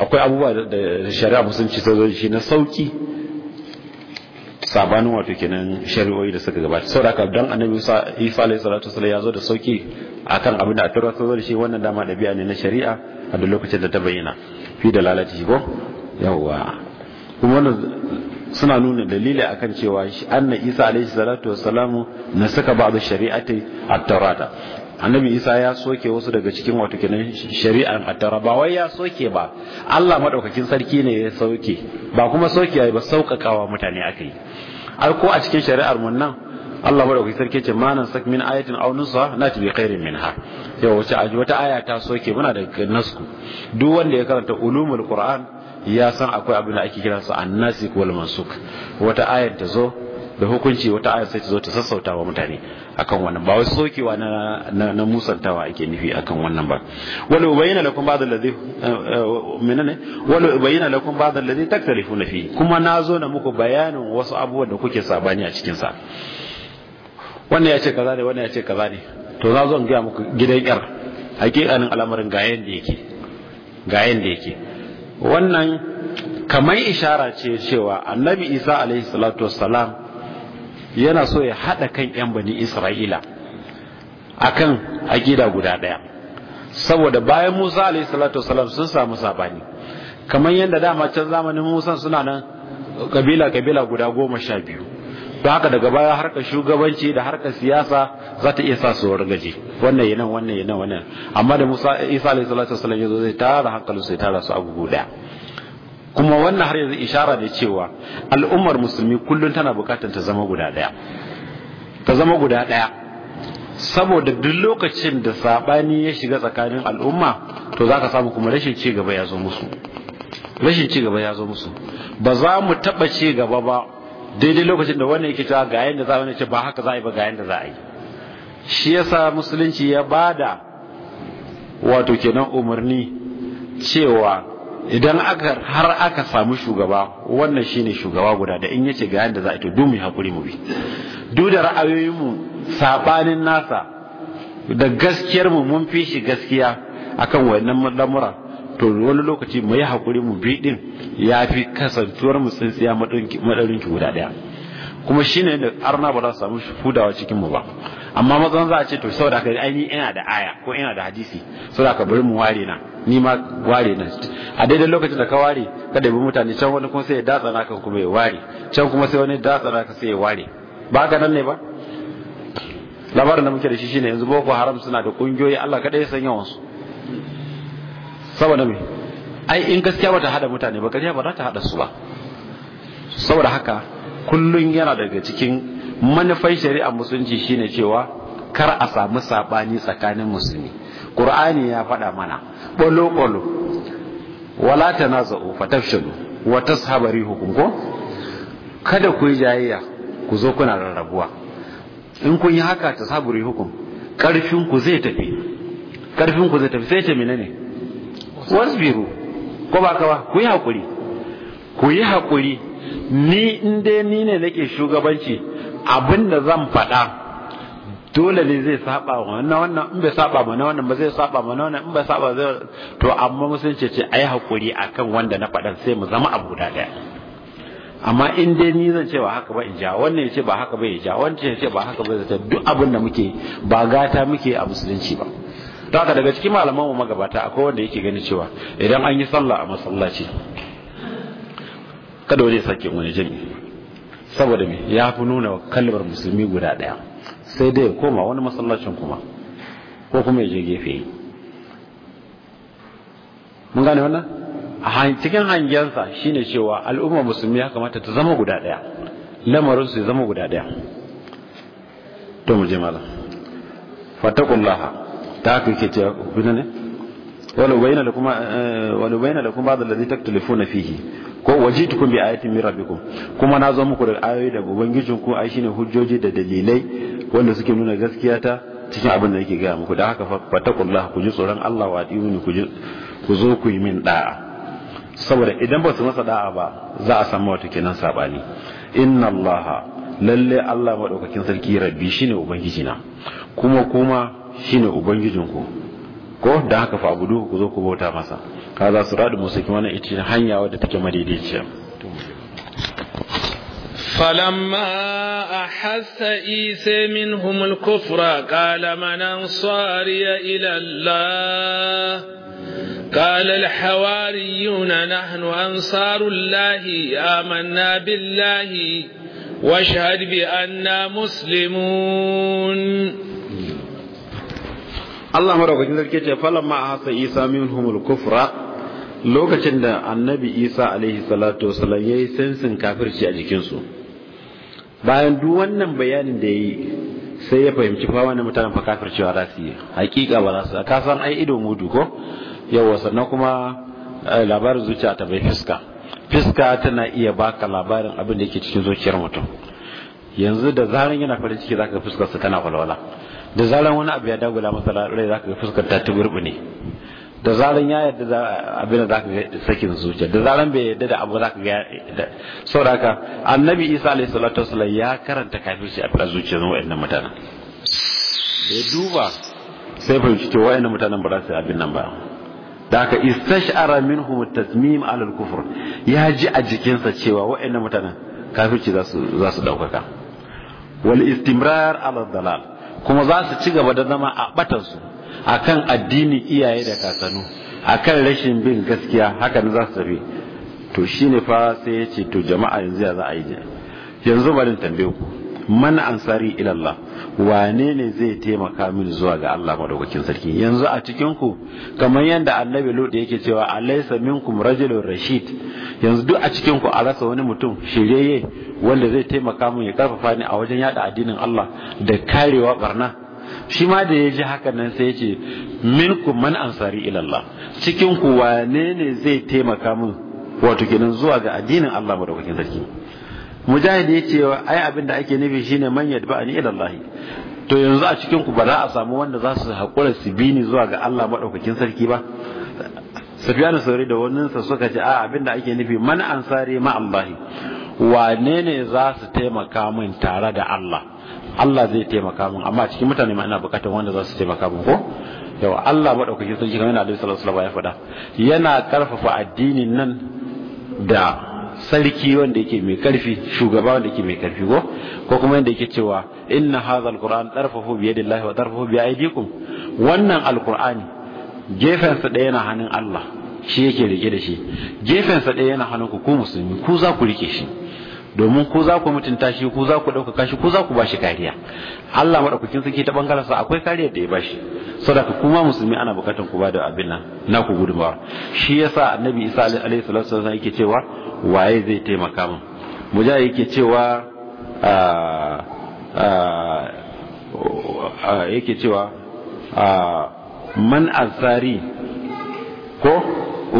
akwai abubuwa da shari'a musulunci ta zo shi na sauki sabanin wato kenan shari'o'i da suka gabata saboda haka dan annabi Isa alayhi salatu wasallam ya zo da sauki akan abin da a ta zo da shi wannan dama biya ne na shari'a a duk lokacin da ta bayyana fi dalalati ko yawwa kuma wannan suna nuna dalili akan cewa shi anna isa alaihi salatu wassalamu na saka ba'du shari'ati at-tarata annabi isa ya soke wasu daga cikin wato kenan shari'an at-tara ba wai ya soke ba Allah madaukakin sarki ne ya soke ba kuma soke ba saukakawa mutane akai ai ko a cikin shari'ar mun nan Allah madaukakin sarki ce manan sak min ayatin aw nusa nati bi khairin minha yau wace wata aya ta soke muna da nasku duk wanda ya karanta ulumul qur'an ya san akwai abin da ake kiransa annasik wal mansuk wata ayar ta zo da hukunci wata ayar sai ta zo ta sassauta wa mutane akan wannan ba wai sokewa na na, musantawa ake nufi akan wannan ba wal ubayyana lakum ba'd alladhi eh, menene wal ubayyana lakum ba'd alladhi taktalifuna fi kuma na zo na muku bayanin wasu abubuwa da kuke sabani a cikin sa wannan ya ce kaza ne wannan ya ce kaza ne to za zo in ga muku gidan yar hakikanin al'amarin ga yanda yake ga yanda yake wannan kamar ishara ce cewa annabi isa alaihi salatu wassalam yana so ya haɗa kan 'yan bani isra'ila akan aƙida guda ɗaya saboda bayan musa alaihi salatu wassalam sun samu sabani kamar yadda dama can zamanin musa suna nan kabila kabila guda goma sha biyu don haka daga baya harkar shugabanci da harkar siyasa za ta iya sa su wargaje wannan ya nan wannan ya nan wannan amma da Musa Isa alaihi salatu wasallam yazo zai tara hankalin sai tara su abu guda kuma wannan har yanzu ishara da cewa al'ummar musulmi kullum tana bukatar ta zama guda daya ta zama guda daya saboda duk lokacin da sabani ya shiga tsakanin al'umma to zaka samu kuma rashin ci gaba ya zo musu rashin ci gaba ya zo musu ba za mu taba ci gaba ba daidai lokacin da wannan yake cewa ga yanda za a ce ba haka za a yi ba ga yanda za a yi shi yasa musulunci ya bada wato kenan umarni cewa idan aka har aka samu shugaba wannan shine shugaba guda da in yace ga yanda za a yi to dumi hakuri mu bi duk da ra'ayoyinmu sabanin nasa da gaskiyarmu mun fi shi gaskiya akan wannan lamura to wani lokaci mu yi hakuri mu bi din ya fi kasantuwar mu tsintsiya madarin ki guda daya kuma shine da arna ba za su samu hudawa cikin mu ba amma mazan za a ce to saboda ka ai ni ina da aya ko ina da hadisi saboda ka bari mu ware na ni ma ware na a daidai lokacin da ka ware ka bi mutane can wani kuma sai ya datsa naka kuma ya ware can kuma sai wani datsa naka sai ya ware ba ka nan ne ba labarin da muke da shi shine yanzu boko haram suna da kungiyoyi Allah kada ya sanya wasu saboda me ai in gaskiya bata hada mutane ba ƙarya ba za ta hada su ba saboda haka kullum yana daga cikin manufan shari'ar musulunci shine cewa kar a samu sabani tsakanin musulmi qur'ani ya faɗa mana bolo bolo wala fa tafshalu wa tashabari hukum ko kada ku yi jayayya ku zo kuna rarrabuwa in kun yi haka tashabu hukum, karfin ku zai tafi karfin ku zai tafi sai ta menene ne wasbiru ko ba kawa ku yi hakuri ku yi hakuri ni inda ni ne nake shugabanci abin da zan faɗa dole ne zai saba wa na wannan in bai saba ma na wannan ba zai saba ma na wannan in bai saba zai to amma musulunci ce ai hakuri akan wanda na faɗan sai mu zama abu da daya amma in dai ni zan ce ba haka ba in ja wannan ya ce ba haka ba ya ja wannan ya ce ba haka ba zai ta duk abin da muke ba gata muke a musulunci ba daga daga cikin malaman mu magabata akwai wanda yake gani cewa idan an yi sallah a masallaci kada wani sake wani jami saboda me ya fi nuna kalmar musulmi guda daya sai dai koma wani masallacin kuma ko kuma ya je gefe mun gane wannan a cikin hangensa shine cewa al'ummar musulmi ya kamata ta zama guda daya lamarin su zama guda daya to mu je malam fatakullaha ta haka yake ce ku ne ولبين لكم ولبين لكم ko wajitukum bi ayatin min rabbikum kuma na zo muku da ayoyi da ubangijin ku ai shine hujjoji da dalilai wanda suke nuna gaskiya ta cikin abin da yake gaya muku da haka fatakullah ku ji tsoron Allah wa dini ku ji ku zo ku yi min da'a saboda idan ba su masa da'a ba za a samu wata kenan sabani inna Allah lalle Allah madaukakin sarki rabbi shine ubangijina kuma kuma shine ubangijinku ko da haka fa abudu ku zo ku bauta masa kaza suratul musaki wannan ita hanya wadda take madaidaiciya فلما أحس إيسى منهم الكفر قال من أنصاري إلى الله قال الحواريون نحن أنصار الله آمنا بالله واشهد بأننا مسلمون Allah madaukakin sarki ce falamma hasa Isa al kufra lokacin da annabi isa alaihi salatu wasallam ya yi sensin kafirci a jikinsu bayan duk wannan bayanin da yayi sai ya fahimci fa wannan mutanen fa kafirci wa rasi hakika ba rasu ka san ai ido mudu ko yawa sannan kuma eh, labarin zuciya ta bai fiska fiska tana iya baka labarin abin da yake cikin zuciyar mutum yanzu da zaran yana farin ciki zaka sa tana walwala da zaran wani abu ya dagula masa rai za ka fuskar ta ta ne da zaran ya yadda da abin da za ka sakin zuciya da zaran bai yadda da abu za ka ga sauraka annabi isa alaihi salatu wasallam ya karanta kafirci a firar zuciyar wa'annan mutanen da ya duba sai fahimci cewa wa'annan mutanen ba za su abin nan ba da haka istashara minhum tasmim ala al-kufr ya ji a jikinsa cewa wa'annan mutanen kafirci za su za su daukaka wal istimrar ala dalal kuma za su ci gaba da zama a batansu a kan addini iyaye da kasanu kan rashin bin gaskiya hakan za su tafi to shi ne fa sai ya ce to jama'a yanzu ya za a yi yanzu barin tambaye ku man ansari ila Allah wane ne zai taimaka mini zuwa ga Allah madaukakin sarki yanzu a cikin ku kamar yadda annabi lut yake cewa alaysa minkum rajulun rashid yanzu duk a cikin ku a rasa wani mutum shirye wanda zai taimaka min ya karfafa ni a wajen yada addinin Allah da karewa barna shi ma da ya ji haka nan sai ya ce minkum man ansari ila Allah cikin ku wane ne zai taimaka min wato kenan zuwa ga addinin Allah madaukakin sarki mujahid ya ce ai abin da ake nufi shine man yadba'ani ila Allah to yanzu a cikin ku ba za a samu wanda za su haƙura su bi ni zuwa ga Allah madaukakin sarki ba Sufyan Sauri da wannan sa suka ce a abin da ake nufi man ansari ma Allah wane ne za su taimaka min tare da Allah Allah zai taimaka min amma cikin mutane ma ina bukatar wanda za su taimaka min ko yawa Allah madaukakin sarki kamar yana Alaihi sallallahu alaihi wasallam ya faɗa yana karfafa addinin nan da sarki wanda yake mai karfi shugaba wanda yake mai karfi ko ko kuma yanda yake cewa inna hadha alquran tarfahu bi yadillahi wa tarfahu bi aydikum wannan alqurani gefen sa daya yana hannun Allah shi yake rike da shi gefen sa daya yana hannun ku ku musulmi ku za ku rike shi domin ku za ku mutunta shi ku za ku dauka shi ku za ku bashi kariya Allah maɗaukakin sarki ta bangaren sa akwai kariyar da ya bashi saboda kuma musulmi ana bukatar ku bada abin nan na ku gudunmawa shi yasa annabi Isa alaihi salatu wasallam yake cewa waye zai taimaka min mujahid yake cewa ah, ah, ah, yake cewa man azari ko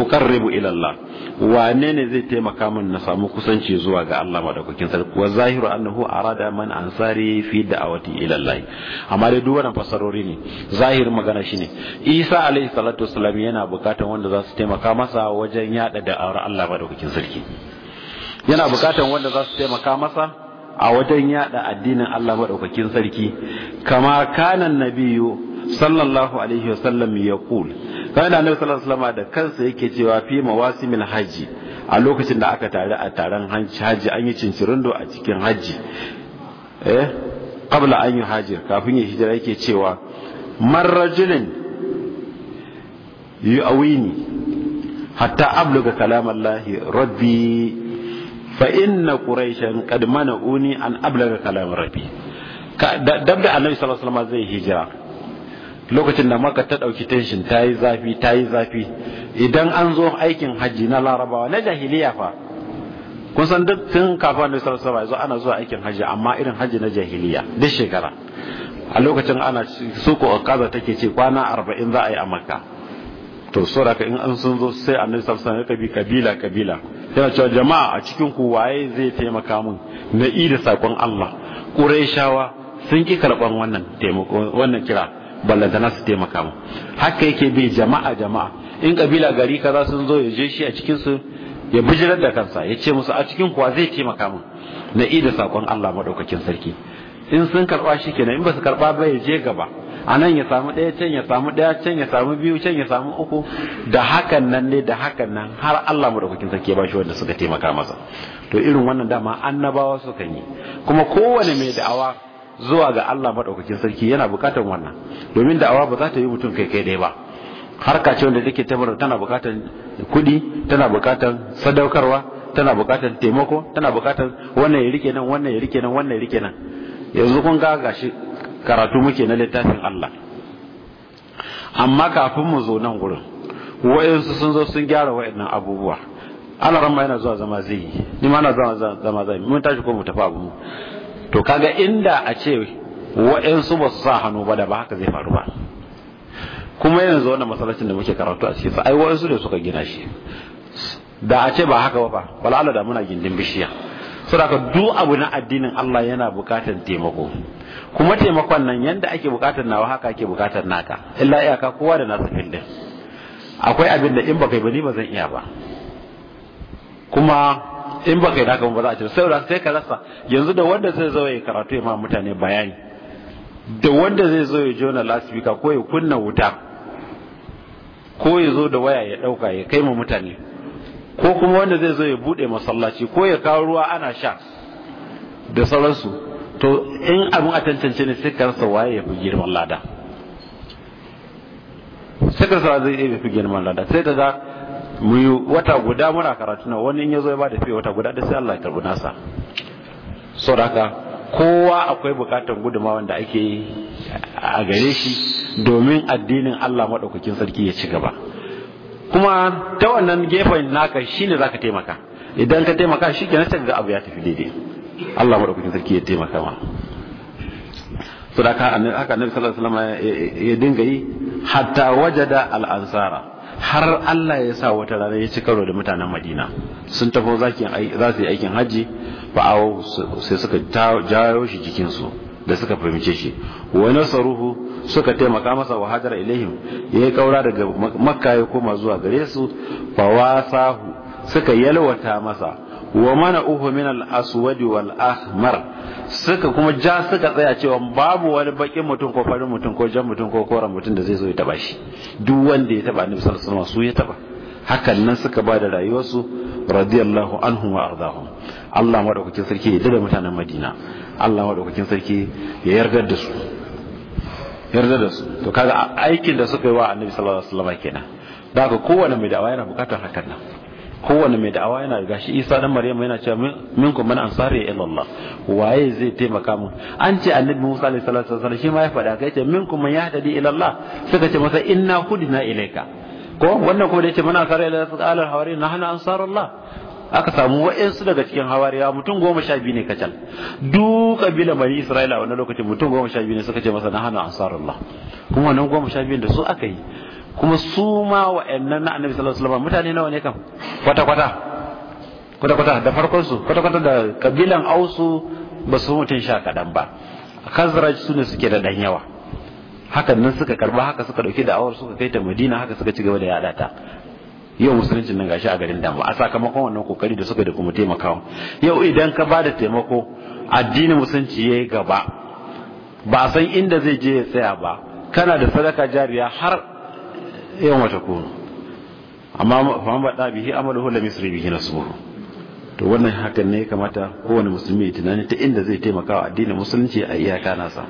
ukarribu ila Allah wane ne zai taimaka min na samu kusanci zuwa ga Allah madaukakin sarki wa zahiru annahu arada man ansari fi da'awati ila Allah amma dai duk wannan fasarori ne zahirin magana shine Isa alaihi salatu wassalam yana bukatan wanda za su taimaka masa wajen yada da'awar Allah madaukakin sarki yana bukatan wanda za su taimaka masa a wajen yada addinin Allah madaukakin sarki kama kanan nabiyyu sallallahu alaihi wa sallam ya kul kana annabi sallallahu alaihi da kansa yake cewa fi mawasimil haji a lokacin da aka tare a taron haji an yi cincirindo a cikin haji eh qabla an yi haji kafin ya hijira yake cewa marrajulin rajulin yu'awini hatta abluga kalamallahi rabbi fa inna quraishan qad mana'uni an abluga kalam rabbi dabda annabi sallallahu alaihi wasallam zai hijira lokacin da maka ta ɗauki tension ta yi zafi ta yi zafi idan an zo aikin hajji na larabawa na jahiliya fa kun san duk tun kafin da sarasaba zo ana zuwa aikin hajji amma irin hajji na jahiliya duk shekara a lokacin ana suko kaza take ce kwana arba'in za a yi a makka to saboda in an sun zo sai annabi sallallahu alaihi wasallam ya kabila kabila yana cewa jama'a a cikin ku waye zai taimaka min na da sakon Allah Qurayshawa sun ki karban wannan taimako wannan kira ballantana su taimaka mu haka yake bi jama'a jama'a in kabila gari kaza sun zo ya je shi a cikin su ya bijirar da kansa ya ce musu a cikin kuwa zai taimaka mu na ida sakon Allah madaukakin sarki in sun karba shi kenan in ba su karba ba ya je gaba anan nan ya samu ɗaya can ya samu ɗaya can ya samu biyu can ya samu uku da hakan nan ne da hakan nan har Allah madaukakin sarki ya bashi wanda suka taimaka masa to irin wannan dama annabawa sukan yi kuma kowane mai da'awa zuwa ga Allah madaukakin sarki yana bukatar wannan domin da'awa ba za ta yi mutum kai kai dai ba harka ce wanda take tabar tana bukatar kudi tana bukatar sadaukarwa tana bukatar taimako tana bukatar wannan ya rike nan wannan ya rike nan wannan ya rike nan yanzu kun ga gashi karatu muke na littafin Allah amma kafin mu zo nan gurin wayansu sun zo sun gyara wayannan abubuwa Allah ramma yana zuwa zama zai yi ni ma na zuwa zama zai mun tashi ko mu tafi abu to kaga inda a ce wa'ansu ba su sa hannu ba da ba haka zai faru ba kuma yanzu wannan masallacin da muke karatu a cikin ai wa'ansu da suka gina shi da a ce ba haka ba fa da muna gindin bishiya saboda duk abu na addinin Allah yana bukatar taimako kuma taimakon nan yadda ake bukatar nawa haka ake bukatar naka illa iyaka kowa da nasa fillin akwai abin da in ba kai ba ni ba zan iya ba kuma in baka yi haka ba za a ce saboda sai ka rasa yanzu da wanda zai zo ya karatu ya ma mutane bayani da wanda zai zo ya jona lasifika ko ya kunna wuta ko ya zo da waya ya dauka ya kai ma mutane ko kuma wanda zai zo ya bude masallaci ko ya kawo ruwa ana sha da sauransu to in abin a tantance ne sai ka rasa waye ya fi girman lada sai ka rasa zai iya fi girman lada sai ka za. mu wata guda muna karatu na wani in yazo ya bada fiye wata guda da sai Allah ya karbi nasa saboda haka kowa akwai bukatar guduma wanda ake yi a gare shi domin addinin Allah madaukakin sarki ya ci gaba kuma ta wannan gefen naka shine zaka taimaka idan ka taimaka shi ke sai ga abu ya tafi daidai Allah madaukakin sarki ya taimaka ma saboda haka annabi sallallahu alaihi wasallam ya dinga yi hatta wajada al-ansara har Allah ya sa wata rana ya ci karo da mutanen Madina sun tafi za su yi aikin hajji fa'awo sai suka jawo shi jikinsu da suka fahimce shi Wani nasaruhu suka taimaka masa wa hajara ilahim ya yi kaura daga makka ya koma zuwa gare su ba wasa suka yalwata masa wa mana uhu min al-aswadi wal ahmar suka kuma ja suka tsaya cewa babu wani bakin mutum ko farin mutum ko jan mutum ko koren mutum da zai zo ya taba shi duk wanda ya taba annabi sallallahu alaihi wasallam su ya taba hakan nan suka ba da rayuwarsu radiyallahu anhum wa ardahum Allah madaukakin sarki ya dade mutanen Madina Allah madaukakin sarki ya yarda da su yarda da su to kaga aikin da suka yi wa annabi sallallahu alaihi wasallam kenan da haka kowanne mai da'awa yana bukatar hakan nan kowane mai da'awa yana riga shi isa dan maryam yana cewa minkum man ansari ila allah waye zai taimaka mu an ce annabi musa alaihi salatu wasallam shi ma ya faɗa kai ce minkum man yahtadi ila allah suka ce masa inna kudina ilayka ko wannan ko da yace mana ansari ila allah hawari nahnu allah aka samu wa'insu daga cikin hawariya mutum goma sha biyu ne kacal duk kabilar bani isra'ila a wannan lokacin mutum goma sha biyu ne suka ce masa nahnu allah kuma wannan goma sha biyu da su aka yi kuma su ma ɗannan na annabi sallallahu alaihi wasallam mutane nawa ne kam kwata kwata kwata kwata da farkon su kwata kwata da kabilan ausu ba su mutun sha kadan ba kazraj su ne suke da dan yawa haka nan suka karba haka suka dauki da awar suka kai ta madina haka suka ci gaba da yada ta yau musuluncin nan gashi a garin damu a sakamakon wannan kokari da suka da kuma taimakawa yau idan ka bada taimako addinin musulunci yayi gaba ba san inda zai je ya tsaya ba kana da sadaka jariya har yawan wata amma fahimba bihi amalu hula misri bihi nasbuhu to wannan hakan ne kamata kowane musulmi ya tunani ta inda zai taimaka wa addinin musulunci a iyaka nasa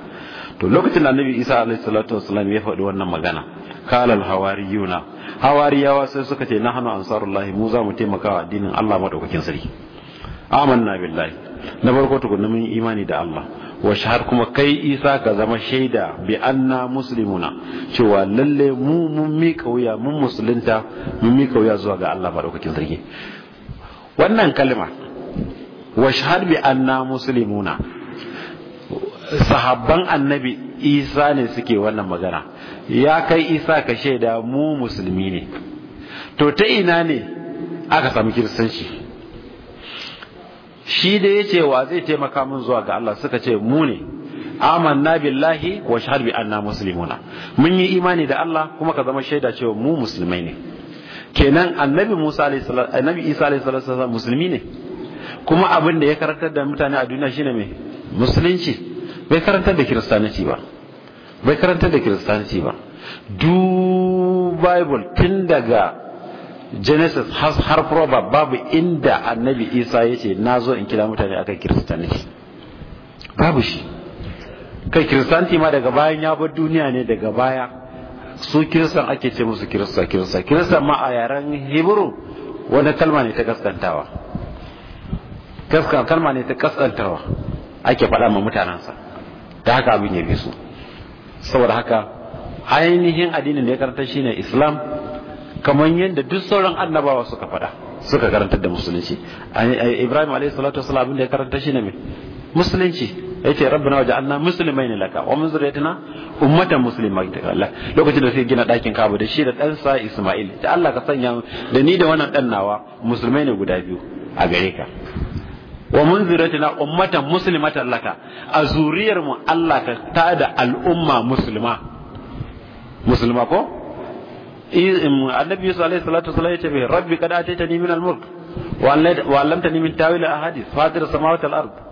to lokacin da annabi isa alaihi salatu wasallam ya faɗi wannan magana qala al hawariyuna hawariyawa sai suka ce na nahnu ansarullahi mu za mu taimaka wa addinin Allah madaukakin sarki amanna billahi na farko tukunna mun imani da Allah wa shahar kuma kai isa ka zama shaida bi anna muslimuna cewa lalle mu mun mika wuya mun musulunta mun mika wuya zuwa ga Allah madaukakin zargi. wannan kalma wa shahar bi anna muslimuna sahabban annabi isa ne suke wannan magana ya kai isa ka shaida mu musulmi ne to ta ina ne aka samu kiristanci shi da ce wa zai taimaka mun zuwa ga Allah suka ce mu ne amanna billahi wa shahad bi anna muslimuna mun yi imani da Allah kuma ka zama shaida cewa mu musulmai ne kenan annabi Musa annabi Isa alaihi salatu musulmi ne kuma abin da ya karantar da mutane a duniya shine me musulunci bai karantar da kristanci ba bai karantar da kristanci ba du bible tun daga genesis har proba babu inda annabi isa ya ce na zo in kira mutane akan kiristanci babu shi kai kiristanci ma daga bayan ya bar duniya ne daga baya su kiristan ake ce musu kirista kirista kiristan ma a yaren hebrew wani kalma ne ta kaskantawa kalma ne ta kaskantawa ake faɗa ma mutanensa ta haka abin ya bi su saboda haka ainihin addinin da ya karanta shine islam kamar yadda duk sauran annabawa suka faɗa suka karantar da musulunci ibrahim alayhi salatu wasallam abin da ya karanta shi ne me musulunci yace rabbana waja'alna muslimaina laka wa min zurriyyatina ummatan muslimatin lak lokacin da sai gina dakin Ka'aba da shi da dan sa Isma'il da Allah ka sanya da ni da wannan dan nawa musulmai ne guda biyu a gare ka wa mun zurriyyatina ummatan muslimatan laka a zuriyar mu Allah ka tada al'umma musulma musulma ko النبي صلى الله عليه وسلم يقول bai rabbi أتيتني من الملك وعلمتني من تاويل allamtani min tawil ahadith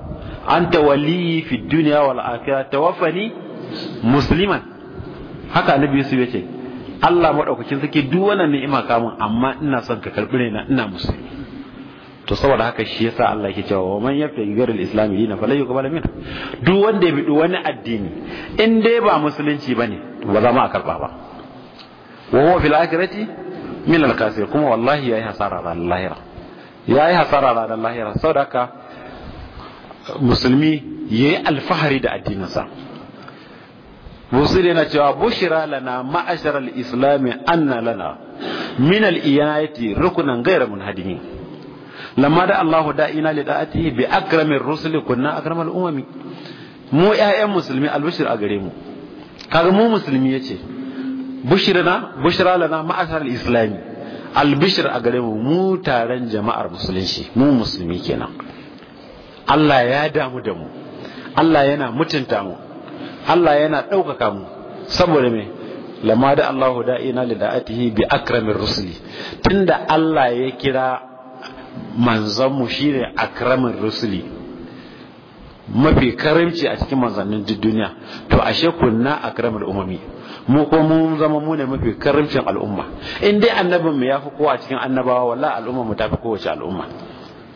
أنت ولي في الدنيا anta توفني fi dunya wal akhirah tawaffani musliman haka annabi yusuf ce, Allah madaukakin sarki duk wannan ni'ima ka mun amma ina son ka karbi ne ina musulmi to saboda haka shi yasa Allah yake cewa wa man yafi ghairil islami dina lai yuqbal min duk wanda ya bi wani addini in dai ba musulunci bane ba za mu a karba ba wa huwa fil akhirati min al kasir kuma wallahi yayi hasara ranar lahira yayi hasara da lahira saboda haka musulmi yayi alfahari da addininsa Busiri na cewa bushira lana ma'ashar al-islami anna lana min al-iyayati rukunan ghayra munhadimi lamma da Allahu da'ina li da'atihi bi akramir rusuli kunna akramal umami mu ƴaƴan musulmi albishir a gare mu kaga mu musulmi yace bushrina bushra lana ma'asar al-islami albishir a gare mu mu taron jama'ar musulunci mu musulmi kenan Allah ya damu da mu Allah yana mutunta mu Allah yana ɗaukaka mu saboda me lama da Allahu da'ina li da'atihi bi akramir rusuli tunda Allah ya kira manzon mu shine akramin rusuli mafi karimci a cikin manzannin duniya to ashe kunna akramul umami mu ko mun zama mu ne mafi karimcin al'umma in dai annabin mu ya yafi kowa cikin annabawa wallahi al'umma mu tafi kowace al'umma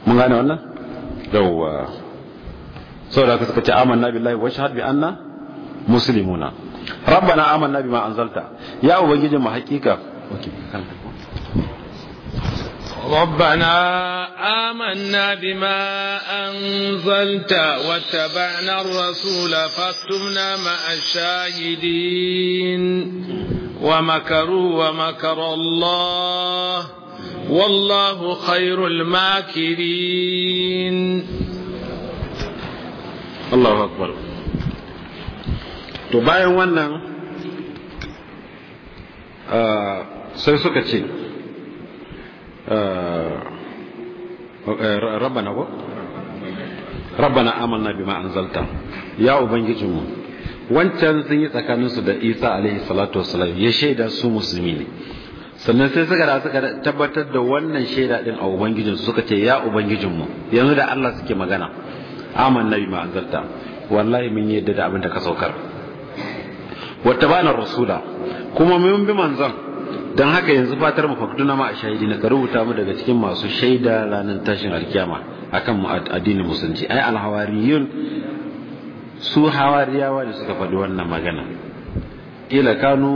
mun gane wannan yawwa saboda haka suka ce amanna billahi wa shahad bi anna muslimuna rabbana amanna bima anzalta ya ubangijin mu hakika okay ربنا آمنا بما أنزلت واتبعنا الرسول فاكتبنا مع الشاهدين ومكروا ومكر الله والله خير الماكرين الله أكبر تباين ونن آه سيسوكتين Eh, eh, rabbana ko rabbana amanna bima anzalta ya ubangijinmu wancan sun yi tsakaninsu da isa alaihi salatu wasalam ya shaida su musulmi ne sannan sai suka da suka tabbatar da wannan shaida din a su suka ce ya ubangijinmu yanzu da allah suke magana amanna bima anzalta wallahi mun yadda da abin da ka saukar wata bana rasula kuma mun bi manzon don haka yanzu fatar mu faktuna ma a shahidi na rubuta mu daga cikin masu shaida ranar tashin alkiyama akan mu addinin musulunci ai alhawariyun su hawariyawa da suka faɗi wannan magana kila kanu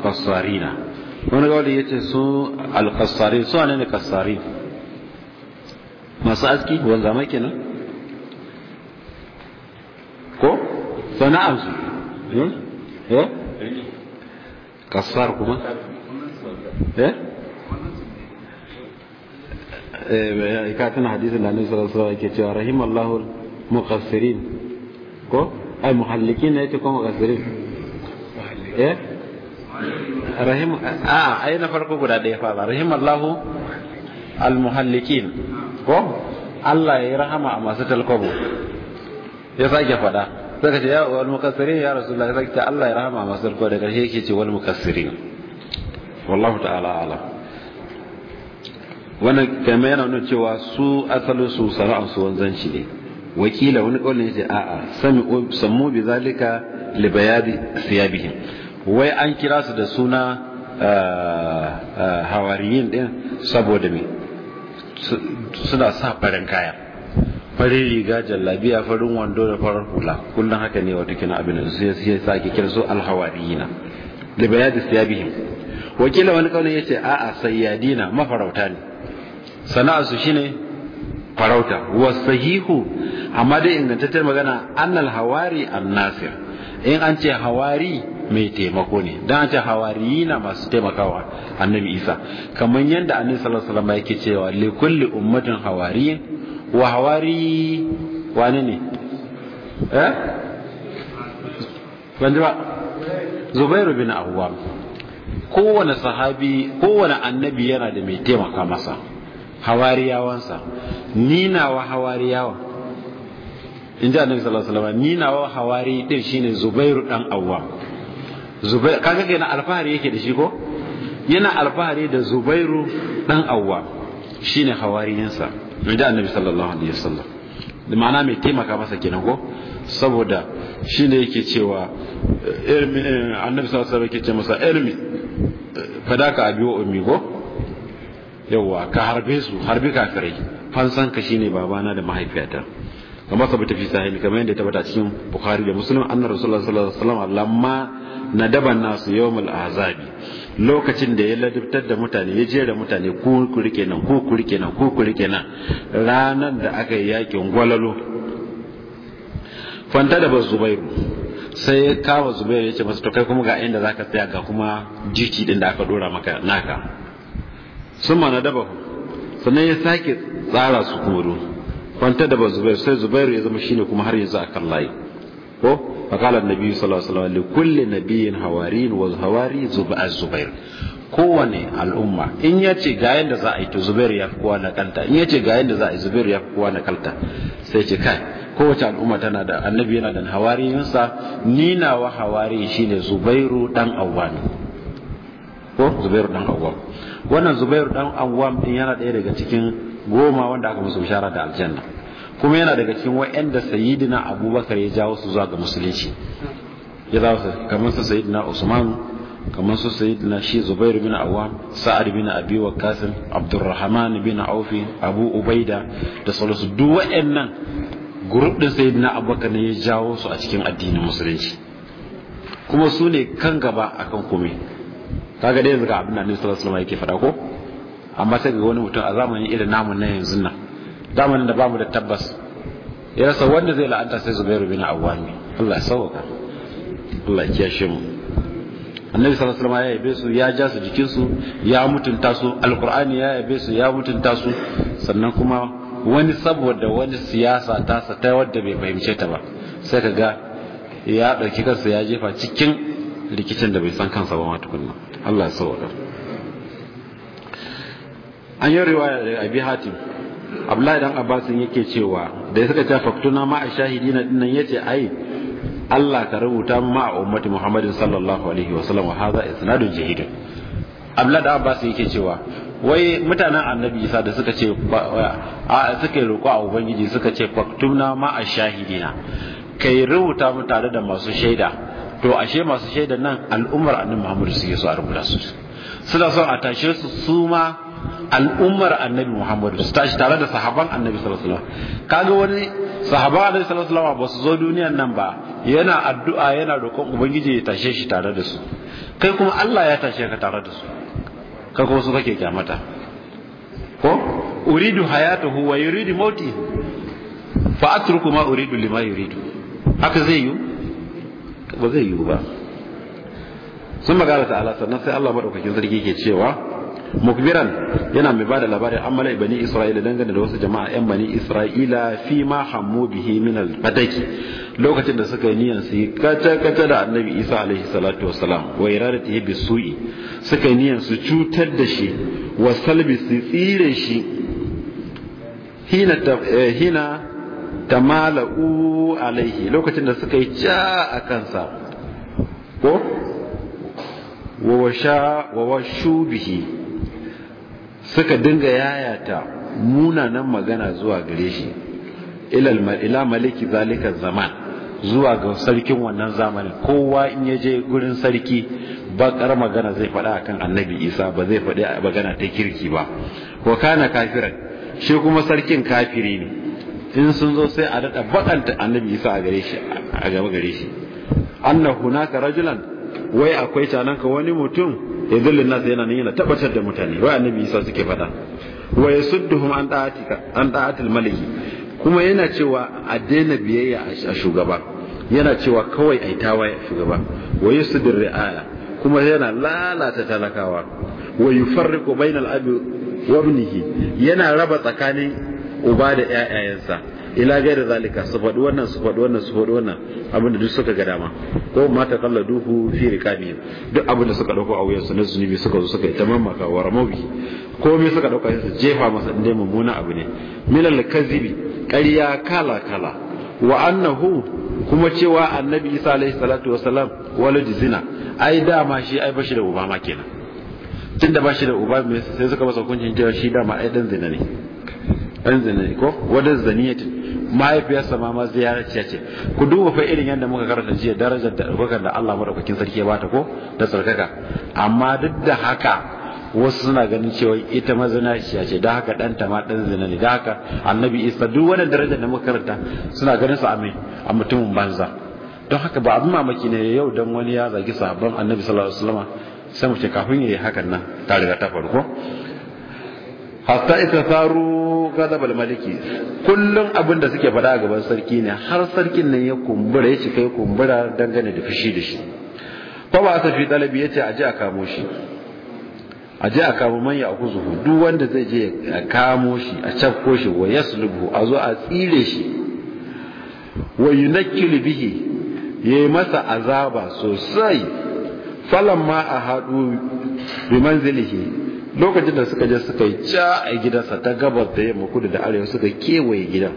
kassarina wani gawali ya ce su alkassarin su ne kassarin masu aski wanda zama kenan ko sana'ansu eh eh kassar kuma Eh? eh ka hadisin da annabi sallallahu alaihi wasallam cewa rahimallahu muqassirin ko ai muhallikin ne yake ko muqassirin eh rahim a ai na farko guda ɗaya fa ba rahimallahu almuhallikin ko Allah ya rahama a masu ya sake faɗa saka ce ya wal muqassirin ya rasulullahi ce Allah ya rahama a masu talkwabo yake ce wal muqassirin والله ta'ala alam wannan kamar yana nuna cewa su asalin su sana'ar su wanzanci ne wakila wani kaulin yace a'a sammu bi zalika li bayadi siyabihim wai an kira su da suna ah, ah, hawariyin din saboda me suna sa farin kaya farin riga jallabiya farin wando da farin hula kullum haka ne wata kina abin da su ya sake kira su alhawariyina li bayadi siyabihim wakila wani ya a a a'a sayyadina mafarauta ne sana'a su shine farauta wasahihu amma dai ingantaccen magana annal hawari annasir in an ce hawari mai taimako ne don an ce na masu taimakawa annabi isa kamar yadda annabi sallallahu alaihi wasallam yake cewa li kulli ummatin hawariyin wa hawari wani ne eh ban ba zubairu bin awwam kowane sahabi kowane annabi yana da mai taimaka masa hawariyawansa ni nawa hawariyawa in ji annabi sallallahu alaihi wasallam ni nawa hawari din shine zubairu dan awwa zubair kaga kenan alfahari yake da shi ko yana alfahari da zubairu dan awwa shine hawariyinsa in ji annabi sallallahu alaihi wasallam da ma'ana mai taimaka masa kenan ko saboda shi ne yake cewa eh, ilmi eh, annabi sallallahu alaihi yake ce masa ilmi ka abi wa ummi go yawa ka harbe su harbi kafirai fansan ka shine babana da mahaifiyata kamar sabu tafi sahih kamar yadda ya tabbata cikin bukhari da muslim anna rasulullah sallallahu alaihi wasallam lamma nadaban nasu yawmul azabi lokacin da ya ladabtar da mutane ya jera mutane ko ku rike nan ko ku rike nan ko ku rike nan ranar da aka yi yakin gwalalo fanta da ba zubairu sai ya kawo zubairu ya ce masu to kai kuma ga inda za ka tsaya ga kuma jiki din da aka dora maka naka sun mana daba sannan ya sake tsara su kuma fanta da ba zubairu sai zubairu ya zama shine kuma har yanzu akan layi ko fakalar nabi sallallahu alaihi wasallam kulli nabiyyin hawarin wal hawari zuba kowane al'umma in ya ce ga yadda za a yi to zubairu ya fi kowa na kanta in ya ce ga yadda za a yi zubairu ya fi kowa na kanta sai ce kai kowace al'umma tana da annabi yana da hawariyinsa ni nawa hawari shine zubairu dan awwam ko zubairu dan awwam wannan zubairu dan awwam din yana daya daga cikin goma wanda aka musu bishara da aljanna kuma yana daga cikin wa'anda sayyidina abubakar ya jawo su zuwa ga musulunci ya zawo su kamar su sayyidina usman kamar su sayyidina shi Zubairu bin awwam sa'ad bin abi waqas abdurrahman bin aufi abu ubaida da salasu duk wa'annan gurub din sayyidina abubakar ne ya jawo su a cikin addinin musulunci kuma su ne kan gaba akan komai kaga dai yanzu ga abin da annabi sallallahu alaihi wasallam yake faɗa ko amma sai ga wani mutum a zamanin irin namu na yanzu nan zamanin da bamu da tabbas ya rasa wanda zai la'anta sai zubairu bin awwami Allah ya sauka Allah ya kiyashe mu annabi sallallahu alaihi wasallam ya yabe su ya ja su jikin su ya mutunta su alqur'ani ya yabe su ya mutunta su sannan kuma wani saboda wani siyasa tasa ta wadda bai fahimce ta ba sai ka ga ya ɗauki kansa ya jefa cikin rikicin da bai san kansa ba ma tukunna Allah ya sauka an yi riwaya da abi hatim abdullahi dan abbasin yake cewa da suka ta faktuna ma a shahidi na dinnan yace ai Allah ka rubuta ma a ummati muhammadin sallallahu alaihi wa sallam wa hadha isnadun jahid abdullahi dan abbasin yake cewa wai mutanen annabi isa da suka ce a suka roƙo a ubangiji suka ce faktumna ma a shahidina kai rubuta mu tare da masu shaida to ashe masu shaida nan al'ummar annabi muhammadu suke so a rubuta su suna son a tashe su su ma al'ummar annabi muhammadu su tashi tare da sahaban annabi sallallahu alaihi wasallam kaga wani sahaban annabi sallallahu alaihi wasallam ba su zo duniyan nan ba yana addu'a yana roƙon ubangiji ya tashe shi tare da su kai kuma Allah ya tashe ka tare da su ka wasu su kake kyamata ko uridu hayatuhu wa yuridu mauti fa atruku ma uridu lima yuridu haka zai yi ba zai yi ba sun magana ta'ala sannan sai Allah madaukakin sarki ke cewa mukbiran yana mai bada labarin amala bani isra'ila dangane da wasu jama'a yan bani isra'ila fi ma hammu bihi min al lokacin da suka yi niyan su yi kata kata da annabi isa alaihi salatu wassalam wa bi bisu'i suka yi niyan su cutar da shi wa salbi su tsire shi hina eh, hina tamala'u alaihi lokacin da suka yi ca a kansa ko wa washa wa washu bihi suka dinga yayata munanan magana zuwa gare shi ila maliki zalika zaman zuwa ga sarkin wannan zamanin kowa in ya je gurin sarki bakar magana zai faɗa akan annabi isa ba zai faɗi magana ta kirki ba wa kana kafiran shi kuma sarkin kafiri ne in sun zo sai a daɗa bakanta annabi isa a gare shi a gaba gare shi annahu naka rajulan wai akwai cananka wani mutum yadillun nas yana nan yana tabbatar da mutane wa annabi isa suke fada wa yasudduhum an da'atika an da'atil maliki kuma yana cewa a daina biyayya a shugaba yana cewa kawai ai tawaye a shugaba wa yasuddur ri'aya kuma yana lalata talakawa wa yufarriqu bainal abi wa ibnihi yana raba tsakanin uba da ƴaƴayensa ila gaira zalika su faɗi wannan su faɗi wannan su faɗi wannan abin da duk suka ga dama ko ma ta kalla duhu fi riqabi duk abin da suka dauko a wuyansu na zunubi suka zo suka yi tamam maka wa ramawi ko me suka dauka su jefa masa inda mummuna abu ne milal kazibi ƙarya kala kala wa annahu kuma cewa annabi isa alaihi salatu wasalam walid zina ai dama shi ai bashi da uba ma kenan tunda bashi da uba sai suka masa hukuncin cewa shi dama ai dan zina ne ɗan zane ko wadda zaniyatin mahaifiyarsa ma ma ziyarciya ce ku duba fa irin yadda muka karanta jiya darajar da ɗaukakar da Allah maɗaukakin sarki ya bata ko da tsarkaka amma duk da haka wasu suna ganin cewa ita mazinaciya ce da haka ɗanta ma ɗan zina ne da haka annabi isa duk wani darajar da muka karanta suna ganin su a mai a mutumin banza don haka ba abin mamaki ne yau dan wani ya zagi sabon annabi sallallahu alaihi wasallam sai mu ce kafin ya yi hakan nan ta riga ta farko hatta ita taru maliki kullum abin da suke faɗa a gaban sarki ne har sarkin nan ya kumbura ya cika kai kumbura dangane da fishi da shi fa ba sa fi talabi yace aje a kamo shi aje a kamo man ya kuzuhu duk wanda zai je ya kamo shi a cakko shi wa yaslubu a zo a tsire shi wa yunakkil bihi yayi masa azaba sosai falamma a haɗu bi manzilihi lokacin da suka je suka yi ca a gidansa ta gabar da yamma kudu da arewa suka kewaye gidan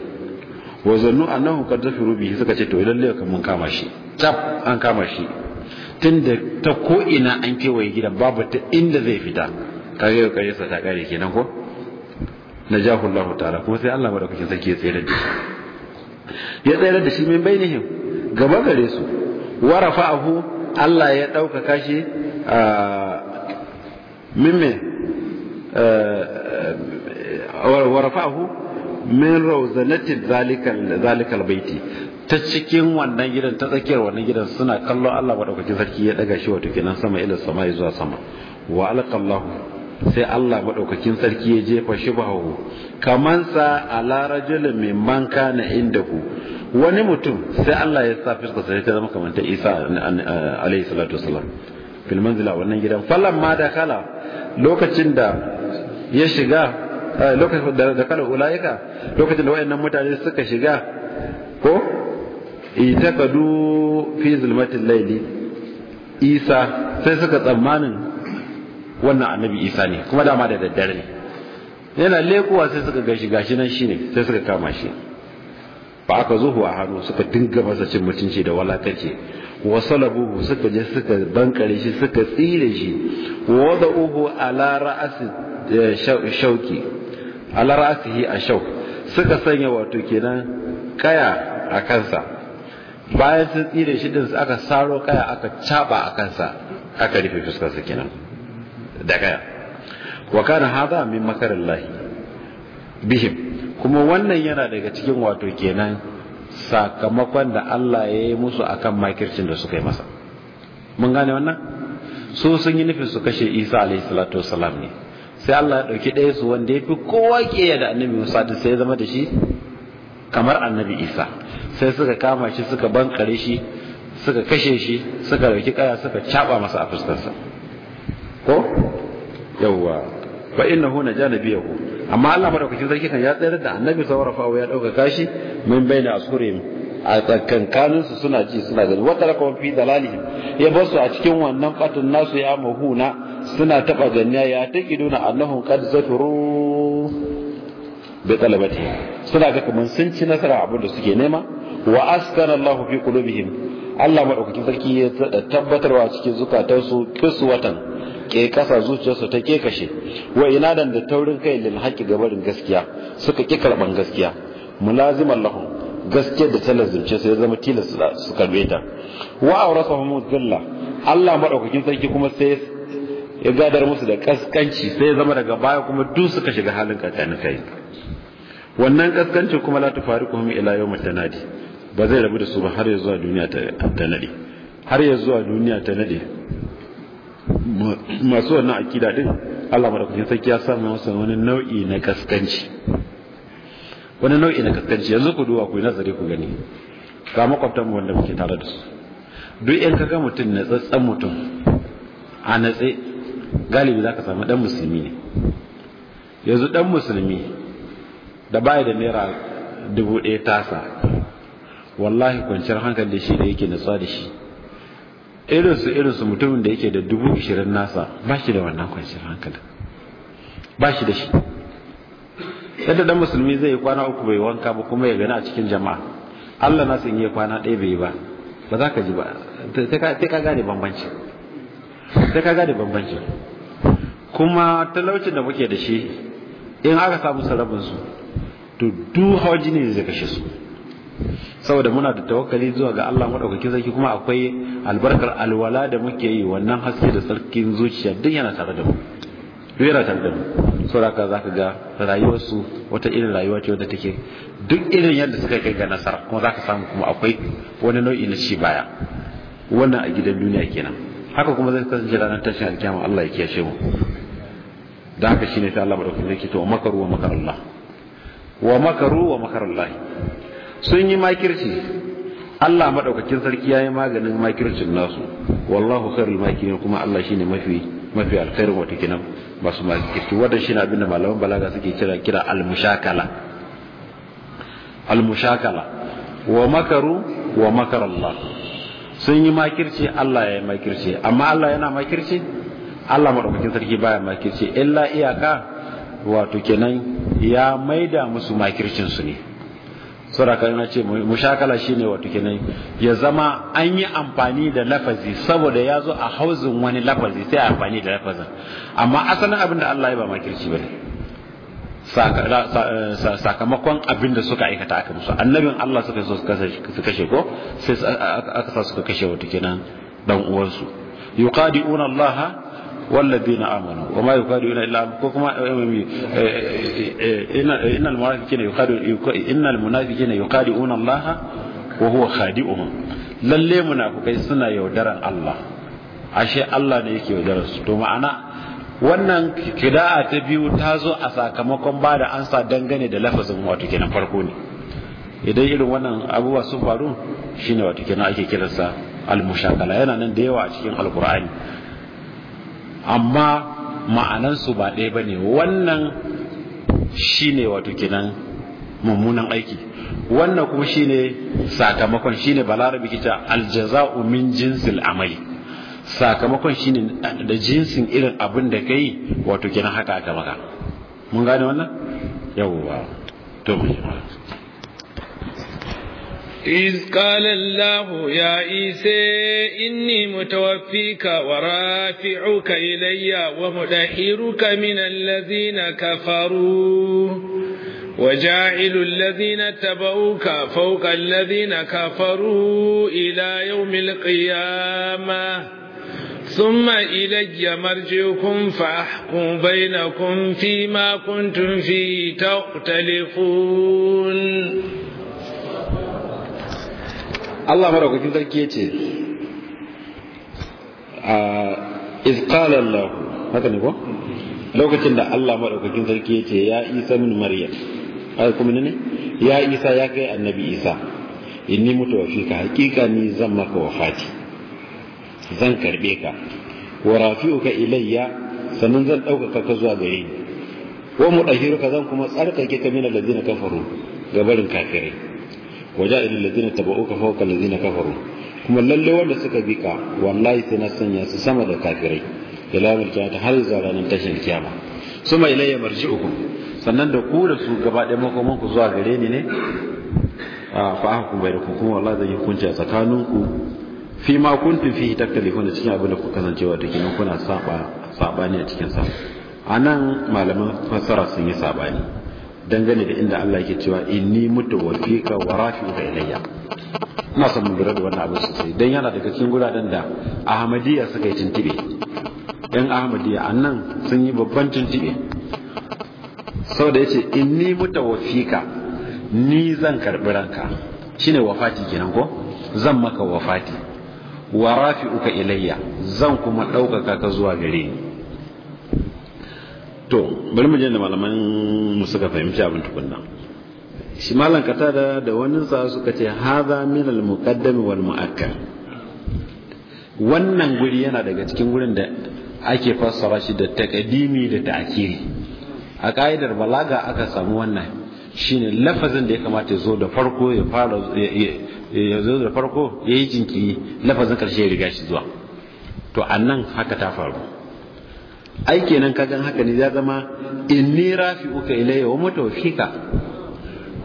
wazannu annahu qad zafiru bihi suka ce to lalle kan mun kama shi tab an kama shi tunda ta ko ina an kewaye gidan babu ta inda zai fita kage kare sa ta kare kenan ko najahu Allah ta'ala kuma sai Allah madaukakin sarki ke tsere da shi ya tsere da shi min bainihim gaba gare su wa rafa'ahu Allah ya dauka kashi a ah, min me wa rafa'ahu min rawzanati zalikal zalikal baiti ta cikin wannan gidan ta tsakiyar wannan gidan suna kallo Allah madaukakin sarki ya daga shi wato kenan sama ila sama zuwa sama wa alqallahu sai Allah madaukakin sarki ya jefa shi bahu kaman sa ala rajulin mimman kana indahu wani mutum sai Allah ya sa fiskar sai ta zama kamar ta Isa alaihi salatu wasallam fil manzila wannan gidan falan ma da kala lokacin da ya shiga eh, lokacin da kala ulaika lokacin da wayannan mutane suka shiga ko itakadu fi zulmatil laili isa sai suka tsammanin wannan annabi isa ne kuma dama da daddare ne yana lekuwa sai suka gashi gashi nan shine sai suka kama shi ba aka zuhu a hannu suka dinga masa cin mutunci da walakace buhu suka je suka bankare shi suka tsire shi wada uhu ala ra'asi eh, shauki ala ra'asihi a shau suka sanya wato kenan kaya a kansa bayan sun tsire shi din aka saro kaya aka caba a kansa aka rufe fuskarsa kenan da kaya wa kana hada min makarallahi. bihim kuma wannan yana daga cikin wato kenan sakamakon da Allah ya yi musu akan makircin da suka yi masa mun gane wannan su sun yi nufin su kashe Isa alaihi wasalam ne sai Allah ya ɗauki ɗaya su wanda ya fi kowa ya da annabi Musa da sai ya zama da shi kamar annabi Isa sai suka kama shi suka bankare shi suka kashe shi suka ɗauki ƙaya, suka caɓa masa a fuskarsa ko yawwa fa innahu najana biyahu amma Allah madaukakin sarki kan ya tsayar da annabi sawar fa'u ya dauka kashi min baina ashurim a tsakankanin su suna ji suna gani wata raka fi dalali ya bar su a cikin wannan batun nasu ya mahuna suna taba ganiya ya taqiduna annahum qad zafuru bi talabati suna ga kaman sun ci nasara abin da suke nema wa askana Allah fi qulubihim Allah madaukakin sarki ya tabbatarwa cikin zukatansu watan. ke kasa zuciyarsu ta ke kashe wa inadan da taurin kai lil ga gabarin gaskiya suka ki karban gaskiya mulaziman lahum gaskiya da ta lazumce su ya zama tilas su karbe ta wa awrasahum zilla. Allah madaukakin sarki kuma sai ya gadar musu da kaskanci sai ya zama daga baya kuma duk suka shiga halin kakani kai wannan kaskanci kuma la tufariquhum ila yawm tanadi ba zai rabu da su ba har ya zuwa duniya ta nade har ya zuwa duniya ta nade masu wannan akida din Allah madaukakin sarki ya sa masa wani nau'i na kaskanci wani nau'i na kaskanci yanzu ku duwa ku yi nazari ku gani ga makwabtan mu wanda muke tare da su duk in kaga mutum na tsatsan mutum a natse galibi zaka samu dan musulmi ne yanzu dan musulmi da baya da naira dubu ɗaya tasa wallahi kwanciyar hankali da shi da yake natsuwa da shi irinsu irinsu mutumin da yake da dubu ishirin nasa ba shi da wannan kwanciyar hankali ba shi da shi yadda dan musulmi zai yi kwana uku bai wanka ba kuma ya gani a cikin jama'a allah nasu in yi kwana ɗaya bai yi ba ba za ka ji ba sai ka gane bambanci sai ka gane bambanci kuma talaucin da muke da shi in aka samu sarabinsu to duk hawa jini zai kashe su saboda muna da tawakkali zuwa ga Allah madaukakin sarki kuma akwai albarkar alwala da muke yi wannan haske da sarkin zuciya duk yana tare da mu duk yana tare da mu saboda zaka ga rayuwarsu wata irin rayuwa ce wadda take duk irin yadda suka kai ga nasara kuma zaka samu kuma akwai wani nau'i na ci baya wannan a gidan duniya kenan haka kuma zai kasance ranar tashin alkiyama Allah ya kiyashe mu da haka shine sai Allah madaukakin sarki to makaru wa makarullah wa makaru wa makarullah sun yi makirci Allah madaukakin sarki yayi maganin makircin nasu wallahu khairul makirin kuma Allah shine mafi mafi alkhairin wata kinan masu makirci wannan shine abinda malaman balaga suke kira kira al-mushakala al-mushakala wa makaru wa makar Allah sun yi makirci Allah yayi makirci amma Allah yana makirci Allah madaukakin sarki baya makirci illa iyaka wato kenan ya maida musu makircin su ne saboda na ce mushakala shine wato kenan ya zama an yi amfani da lafazi saboda ya zo a hauzin wani lafazi sai a amfani da lafazin amma asalin abin da Allah ya ba makirci bane eh, sakamakon abin da suka aikata aka musu annabin Allah suka so su kashe ko sai aka sa suka kashe wato kenan dan uwansu yuqadi'una Allah wa yukadu آمنوا وما ko kuma innal munafiqina yukadu innal munafiqina yukadu'una Allah wa huwa khadi'uhum lalle munafiqai suna yaudaran Allah ashe Allah ne yake yaudaran su to ma'ana wannan kida'a ta biyu ta zo a sakamakon ba da ansa dangane da lafazin wato kenan farko ne idan irin wannan abubuwa sun faru shine wato kenan ake kiransa al-mushakala yana nan da yawa a cikin Al-Qur'ani. amma ma'anansu ba ɗaya ba ne wannan shi ne wato kenan mummunan aiki wannan kuma shi ne sakamakon shi ne balarabi kita aljaza'u min jinsil amali sakamakon shi ne da jinsin irin abin da ka yi wato kenan haka aka maka mun gane wannan ba to mai yi إذ قال الله يا عيسى إني متوفيك ورافعك إلي ومدحرك من الذين كفروا وجاعل الذين اتبعوك فوق الذين كفروا إلى يوم القيامة ثم إلي مرجعكم فأحكم بينكم فيما كنتم فيه تختلفون Allah madaukakin sarki ya ce a iskala Allah haka ne ko lokacin da Allah madaukakin sarki ya ce ya Isa min Maryam ai kuma ne ya Isa ya kai annabi Isa inni mutu wa fika hakika ni zan maka wafati zan karbe ka wa rafi'uka ilayya sannan zan ɗaukaka ka zuwa gare ni ɗahiru ka zan kuma tsarkake ka min alladhina kafaru gabarin kafirai waja'il alladhina tabauka fawka alladhina kafaru kuma lalle wanda suka bi wallahi sai na sanya su sama da kafirai ila ta har zuwa ranar tashin kiyama suma ilayya marji'ukum sannan da ku da su gaba ɗaya makoman ku zuwa gare ni ne a ah, fa'a ku bai da ku kuma wallahi zan yi a tsakanin ku fi ma fi fihi cikin abin da ku kasancewa da kenan kuna saba sabani a cikin sa anan malaman fassara sun yi sabani dangane da inda Allah yake cewa inni mutawaffika wa rafi'uka ilayya ina son mu lura da wannan abin sosai dan yana daga cikin guraren da Ahmadiyya suka yi tuntube yan Ahmadiyya annan sun yi babban tuntube saboda yace inni mutawaffika ni zan karbi ranka shine wafati kenan ko zan maka wafati wa rafi'uka ilayya zan kuma dauka ka zuwa gare ni to bari mu je da malaman mu suka fahimci abin tukunna shi malam da wani sa suka ce hadha min al muqaddam wal muakkar wannan guri yana daga cikin gurin da ake fassara shi da takadimi da takiri a ka'idar balaga aka samu wannan shine lafazin da ya kamata ya zo da farko ya fara ya zo da farko ya yi jinkiri lafazin karshe ya riga shi zuwa to annan haka ta faru ai kenan gan haka ne ya zama inni rafi'uka ilayya wa mutawfika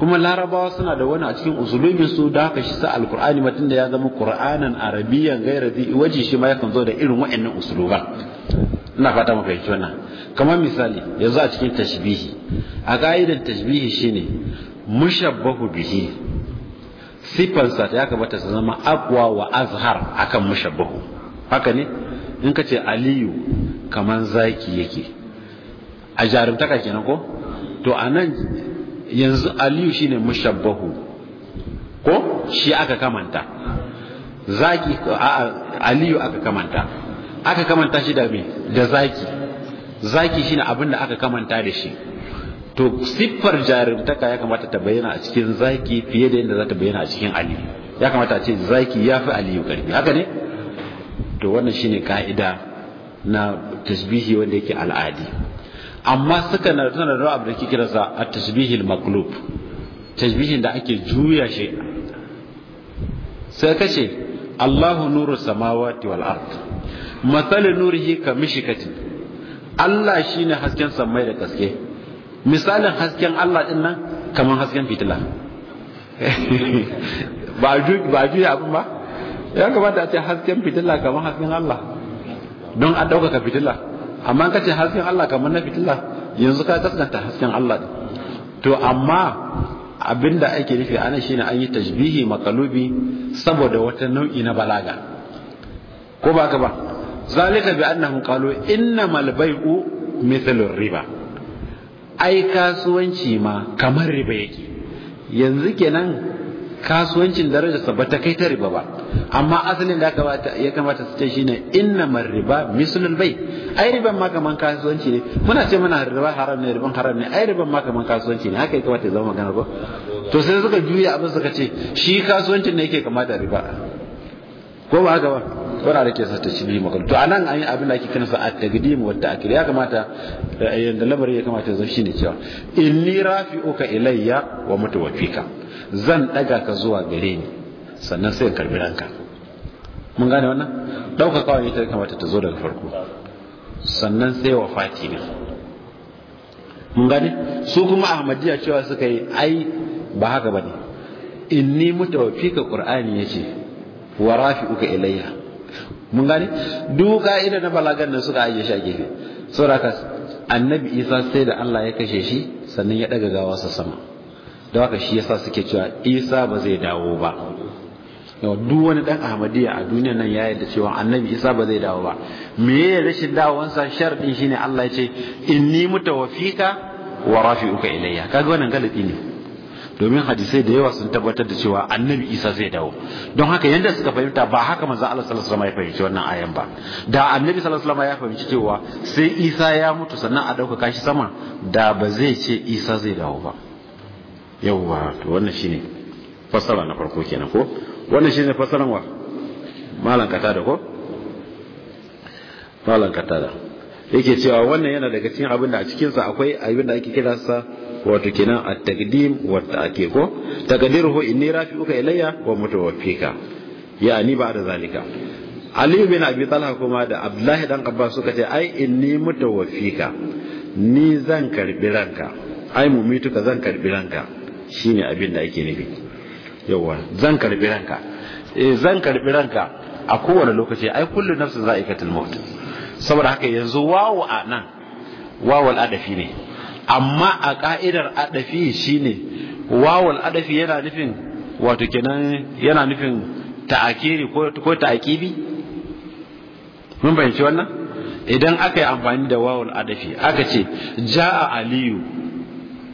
kuma larabawa suna da wani a cikin usulumin su da haka shi sa alqur'ani matun da ya zama qur'anan arabiyyan gaira zai waje shi ma yakan zo da irin wa'annan usuluba ina fata muka yi wannan kamar misali yanzu a cikin tashbihi a ka'idar tashbihi shine mushabbahu bihi sifansa ya kamata su zama aqwa wa azhar akan mushabbahu haka ne in ka ce aliyu kaman zaki yake a jarumtaka kenan ko to anan yanzu aliyu shine mushabbahu ko shi aka kamanta zaki a aliyu aka kamanta aka kamanta shi da me da zaki zaki shine abin da aka kamanta da shi to siffar jarumtaka ya kamata ta bayyana a cikin zaki fiye da yadda za ta bayyana a cikin aliyu ya kamata a ce zaki ya fi aliyu karfi haka ne to wannan shine ka'ida na tasbihi wanda yake al'adi amma suka na tana da abu da ke sa a tasbihil maklub tasbihin da ake juya shi sai kace Allahu nuru samawati wal ard nuri nurihi ka kati. Allah shine hasken samai da kaske misalin hasken Allah din nan kaman hasken fitila ba ju ba ju abin ba ya kamata a ce hasken fitila kaman hasken Allah don a ɗaukaka fitila amma ka ce hasken Allah kamar na fitila yanzu ka gaskanta hasken Allah to amma abinda ake nufi ana shine an yi tashbihi makalubi saboda wata nau'i na balaga ko ba ka ba zalika bi annahum qalu innamal bai'u mithlu riba ai kasuwanci ma kamar riba yake yanzu kenan kasuwancin darajarsa ba ta kai ta riba ba amma asalin da ya kamata su ce shine innamar riba mislul bai ai riban ma kaman kasuwanci ne muna ce muna riba haram ne riban haram ne ai riban ma kaman kasuwanci ne haka ya kamata ya zama magana ko to sai suka juya abin suka ce shi kasuwancin ne yake kamata riba ko ba haka ba wanda da ke sa ta cibi magana to anan an yi abin da ake kiran sa at-taqdim wa ta'khir ya kamata eh, yanda lamarin ya kamata ya zama shine cewa inni rafi'uka ilayya wa mutawaffika zan daga ka zuwa gare ni sannan sai karbi ranka mun gane wannan kawai ita kamata ta zo daga farko sannan sai wafati ne mun gane su kuma ahmadiyya cewa suka yi ai ba haka bane inni mutawaffika qur'ani yace wa rafi'uka ilayya mun gane duk ka'ida na balagan nan suka aje shi a gefe saboda annabi isa sai da Allah ya kashe shi sannan ya daga gawarsa sama don haka shi yasa suke cewa isa ba zai dawo ba duk wani dan ahmadiyya a duniya nan ya yarda cewa annabi isa ba zai dawo ba me ya rashin dawowansa sharɗin shine Allah ya ce inni mutawaffika wa rafi'uka ilayya kaga wannan galibi ne domin hadisai da yawa sun tabbatar da cewa annabi isa zai dawo don haka yanda suka fahimta ba haka manzo Allah sallallahu alaihi wasallam ya fahimci wannan ayan ba da annabi sallallahu alaihi wasallam ya fahimci cewa sai isa ya mutu sannan a dauka kashi sama da ba zai ce isa zai dawo ba yawwa to wannan shine fassara na farko kenan ko wannan shi fasaran wa malan katada ko malan katada yake cewa wannan yana daga cikin abin da a cikin sa akwai abin da ake kira sa wato kenan at-taqdim wa at ko taqdiruhu inni rafi'uka ilayya wa mutawaffika yani ba da zalika Ali bin Abi Talha kuma da Abdullahi dan Abbas suka ce ai inni mutawaffika ni zan karbi ranka ai mu mutu ka zan karbi ranka shine abin da ake nufi yawa zan karbi ranka eh zan karbi ranka a kowane lokaci ai kullu nafsin za'ikatul maut saboda haka yanzu wawu a nan wawal adafi ne amma a ka'idar adafi shine wawal adafi yana nufin wato kenan yana nufin ta'akiri ko ko ta'akibi mun bayyana wannan idan aka yi amfani da wawal adafi aka ce ja'a aliyu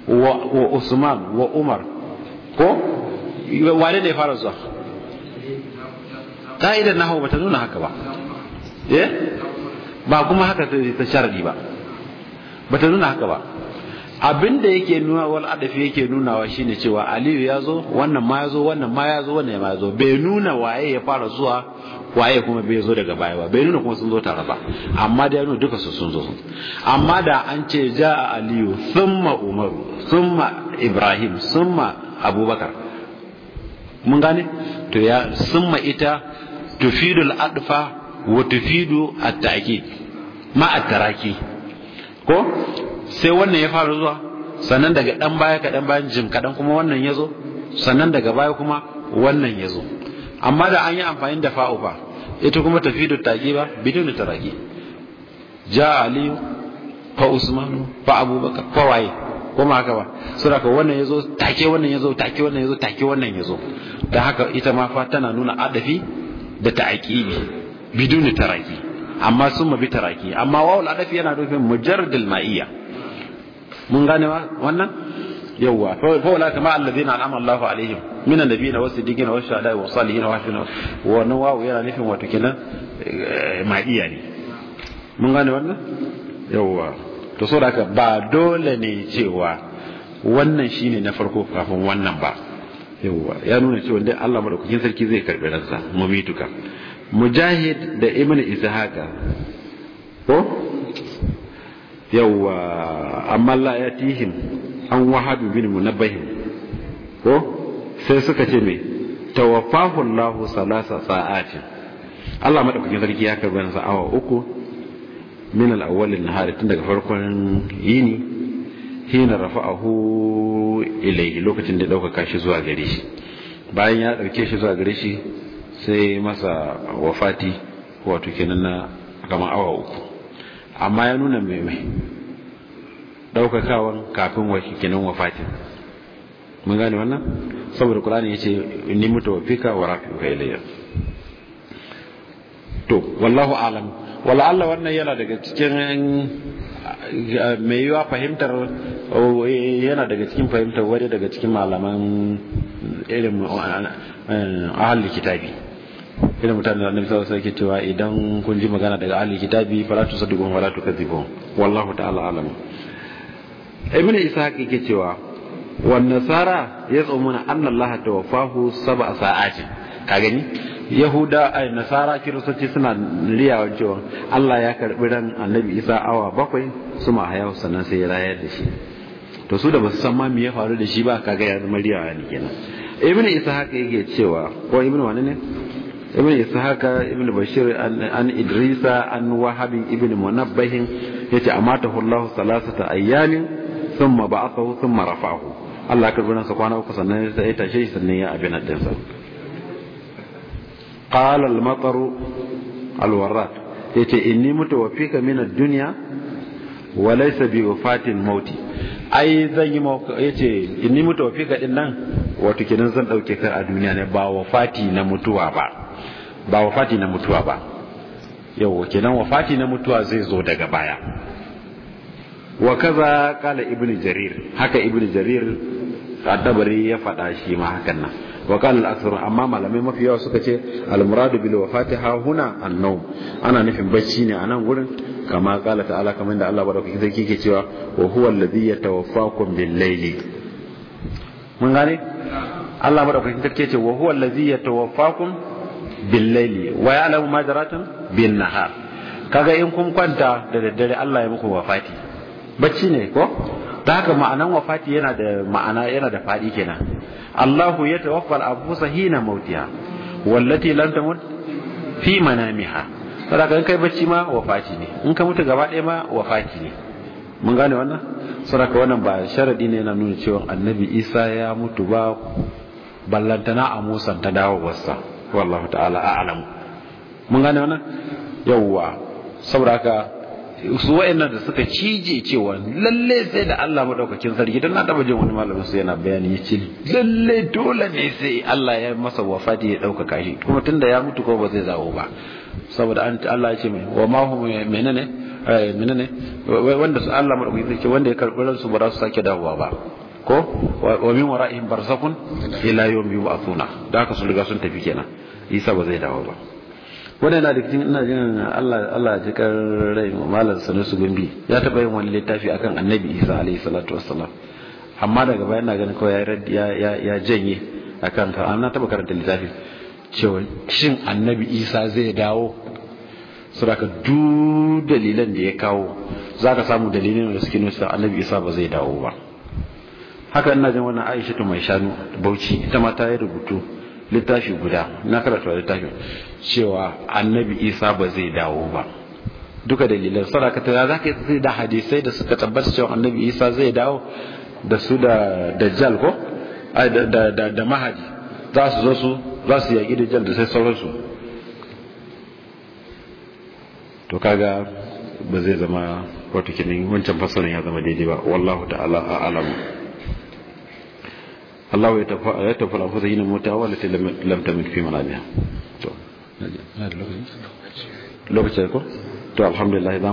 wa usman wa umar ko wane ne fara zuwa hau ba bata nuna haka ba eh? ba kuma haka ta sharadi ba bata nuna haka ba abin da yake nuna wal adafi yake nunawa shine cewa aliyu ya zo wannan ma ya zo wannan ma ya zo wannan ma ya zo bai nuna waye ya fara zuwa waye kuma bai zo daga baya ba bai nuna kuma sun zo tare ba amma da ya nuna duka su sun zo amma da an ce ja aliyu thumma umaru thumma ibrahim thumma abubakar mun gane to ya summa ita tufidul adfa wa tufidu at-taqi ma at-taraki ko sai wannan ya fara zuwa sannan daga dan baya ka dan bayan jim kadan kuma wannan ya zo sannan daga baya kuma wannan ya zo amma da an yi amfani da fa'u ba ita kuma tafidu taqi ba bidun taraki ja aliyu fa usmanu fa abubakar fa waye ko haka ba saboda ka wannan ya zo take wannan ya zo take wannan ya zo take wannan ya zo da haka ita ma fa tana nuna adafi da ta'aqibi biduni taraki amma summa bi taraki amma wawul adafi yana nufin mujarradul ma'iyya mun gane ma wannan yawwa fa wala kama alladhina an'ama Allahu alaihim minan nabiyina was-siddiqina wash-shuhada'i wa salihina wa hafina wannan wawu yana nufin wato kenan eh, ma'iyya ne mun gane wannan yawwa to so haka ba dole ne cewa wannan shine na farko kafin wannan ba yawwa ya nuna cewa dai Allah madaukakin sarki zai karbi ransa mumituka mujahid da ibn ishaqa ko yawwa amma la yatihim an wahadu bin munabbih ko sai suka ce me tawaffahu Allah salasa sa'atin Allah madaukakin sarki ya karbi ransa awa uku min al-awwal an-nahar tun daga farkon yini hina rafa'ahu ilayhi lokacin da dauka shi zuwa bayan ya dauke shi zuwa gare shi sai masa wafati uku amma ya nuna mai kafin waki kenan wafatin mun gane wannan saboda inni mutawaffika wa rafi'uka to wallahu alam wala'alla wannan yana daga cikin eh, mai yiwa fahimtar eh, yana daga cikin fahimtar wani daga cikin malaman eh, irin ahalin kitabi irin mutane da annabi sallallahu alaihi cewa idan kun ji magana daga ahalin kitabi fala tu sadduqun wala tu kadhibun wallahu ta'ala alam ibnu ishaq yake cewa wan nasara yazumuna anna allaha tawaffahu sab'a sa'atin ka gani yahuda a nasara kiristoci suna riyawa cewa allah ya karbi ran annabi isa awa bakwai su ma haya sannan sai ya rayar da shi to su da basu san ma me ya faru da shi ba kaga ya zama riyawa ne kenan ibnu haka yake cewa ko ibnu wani ne ibnu haka ibnu bashir an idrisa an wahab ibnu munabbah yace amatahu allah salasata ayyamin thumma ba'athahu thumma rafa'ahu allah ya karbi sa kwana uku sannan ya tashe shi sannan ya abin addinsa qala al-matar al-warrat yace inni mutawaffika min ad-dunya wa laysa bi wafatin mauti ai zan yi maka yace inni mutawaffika din nan wato kenan zan dauke ka a duniya ne ba wafati na mutuwa ba ba wafati na mutuwa ba yau kenan wafati na mutuwa zai zo daga baya wa kaza kala ibnu jarir haka ibnu jarir adabari ya faɗa shi ma hakan nan wa qala al-aktharu amma malamai mafi yawa suka ce al-muradu bil wafati ha huna an ana nufin bacci ne a nan gurin kama kala ta ta'ala kamar da Allah baraka sai yake cewa wa huwa alladhi yatawaffakum bil-layli mun gane Allah madaukakin sarki ce wa huwa allazi yatawaffakum bil layli wa ya'lamu ma jaratum bin nahar kaga in kun kwanta da daddare Allah ya muku wafati bacci ne ko da haka ma'anan wafati yana da ma'ana yana da fadi kenan Allahu ya tawaffa al-anfusa hina mautiha wallati lam tamut fi manamiha saboda in kai bacci ma wafati ne in ka mutu gaba ɗaya ma wafati ne mun gane wannan saboda wannan ba sharadi ne yana nuna cewa annabi Isa ya mutu ba ballantana a Musa ta wasa wallahu ta'ala a'lam mun gane wannan yawwa saboda haka su wa'annan da suka cije cewa lalle sai da Allah madaukakin sarki dan na taba jin wani malamin su yana bayani ce lalle dole ne sai Allah ya masa wafati ya dauka kashi kuma tunda ya mutu ko ba zai zawo ba saboda an Allah ya ce mai wa ma hu menene eh, menene wanda su Allah madaukakin sarki wanda ya karbi ransu ba za su sake dawowa ba ko wa min wara'ihim barzakun ila yawmi yub'athuna da haka sun riga sun tafi kenan Isa ba zai dawo ba wannan na da cikin ina jin Allah Allah ji kar rai malam su gumbi ya taba yin wani littafi akan Annabi Isa alayhi salatu wassalam amma daga baya na ganin kawai ya ya ya janye akan ka amma na taba karanta littafi cewa shin Annabi Isa zai dawo saboda du dalilan da ya kawo za ka samu dalilin da suke nuna Annabi Isa ba zai dawo ba haka ina jin wannan Aisha mai shanu Bauchi ita ma ta yi rubutu littafi guda na karatuwa littafi cewa annabi isa ba zai dawo ba duka dalilan saraka ta za ka yi da hadisai da suka tabbata cewa annabi isa zai dawo da su da dajjal ko da mahadi za su zo su za su yaƙi dajjal da sai sauransu to kaga ba zai zama wata kinin wancan fasalin ya zama daidai ba wallahu ta'ala a'lamu الله يتوفى الأنفس حين موتها والتي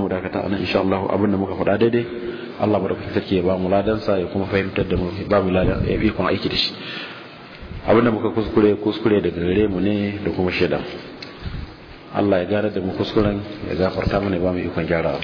dakata anan insha Allah abinda muka faɗa daidai Allah baraka sarki ya ba kuma fahimtar da mu ba da shi abinda muka kuskure kuskure daga gare mu ne da kuma shaidan Allah ya gara da mu kuskuren ya gafarta mana ba mu ikon gyarawa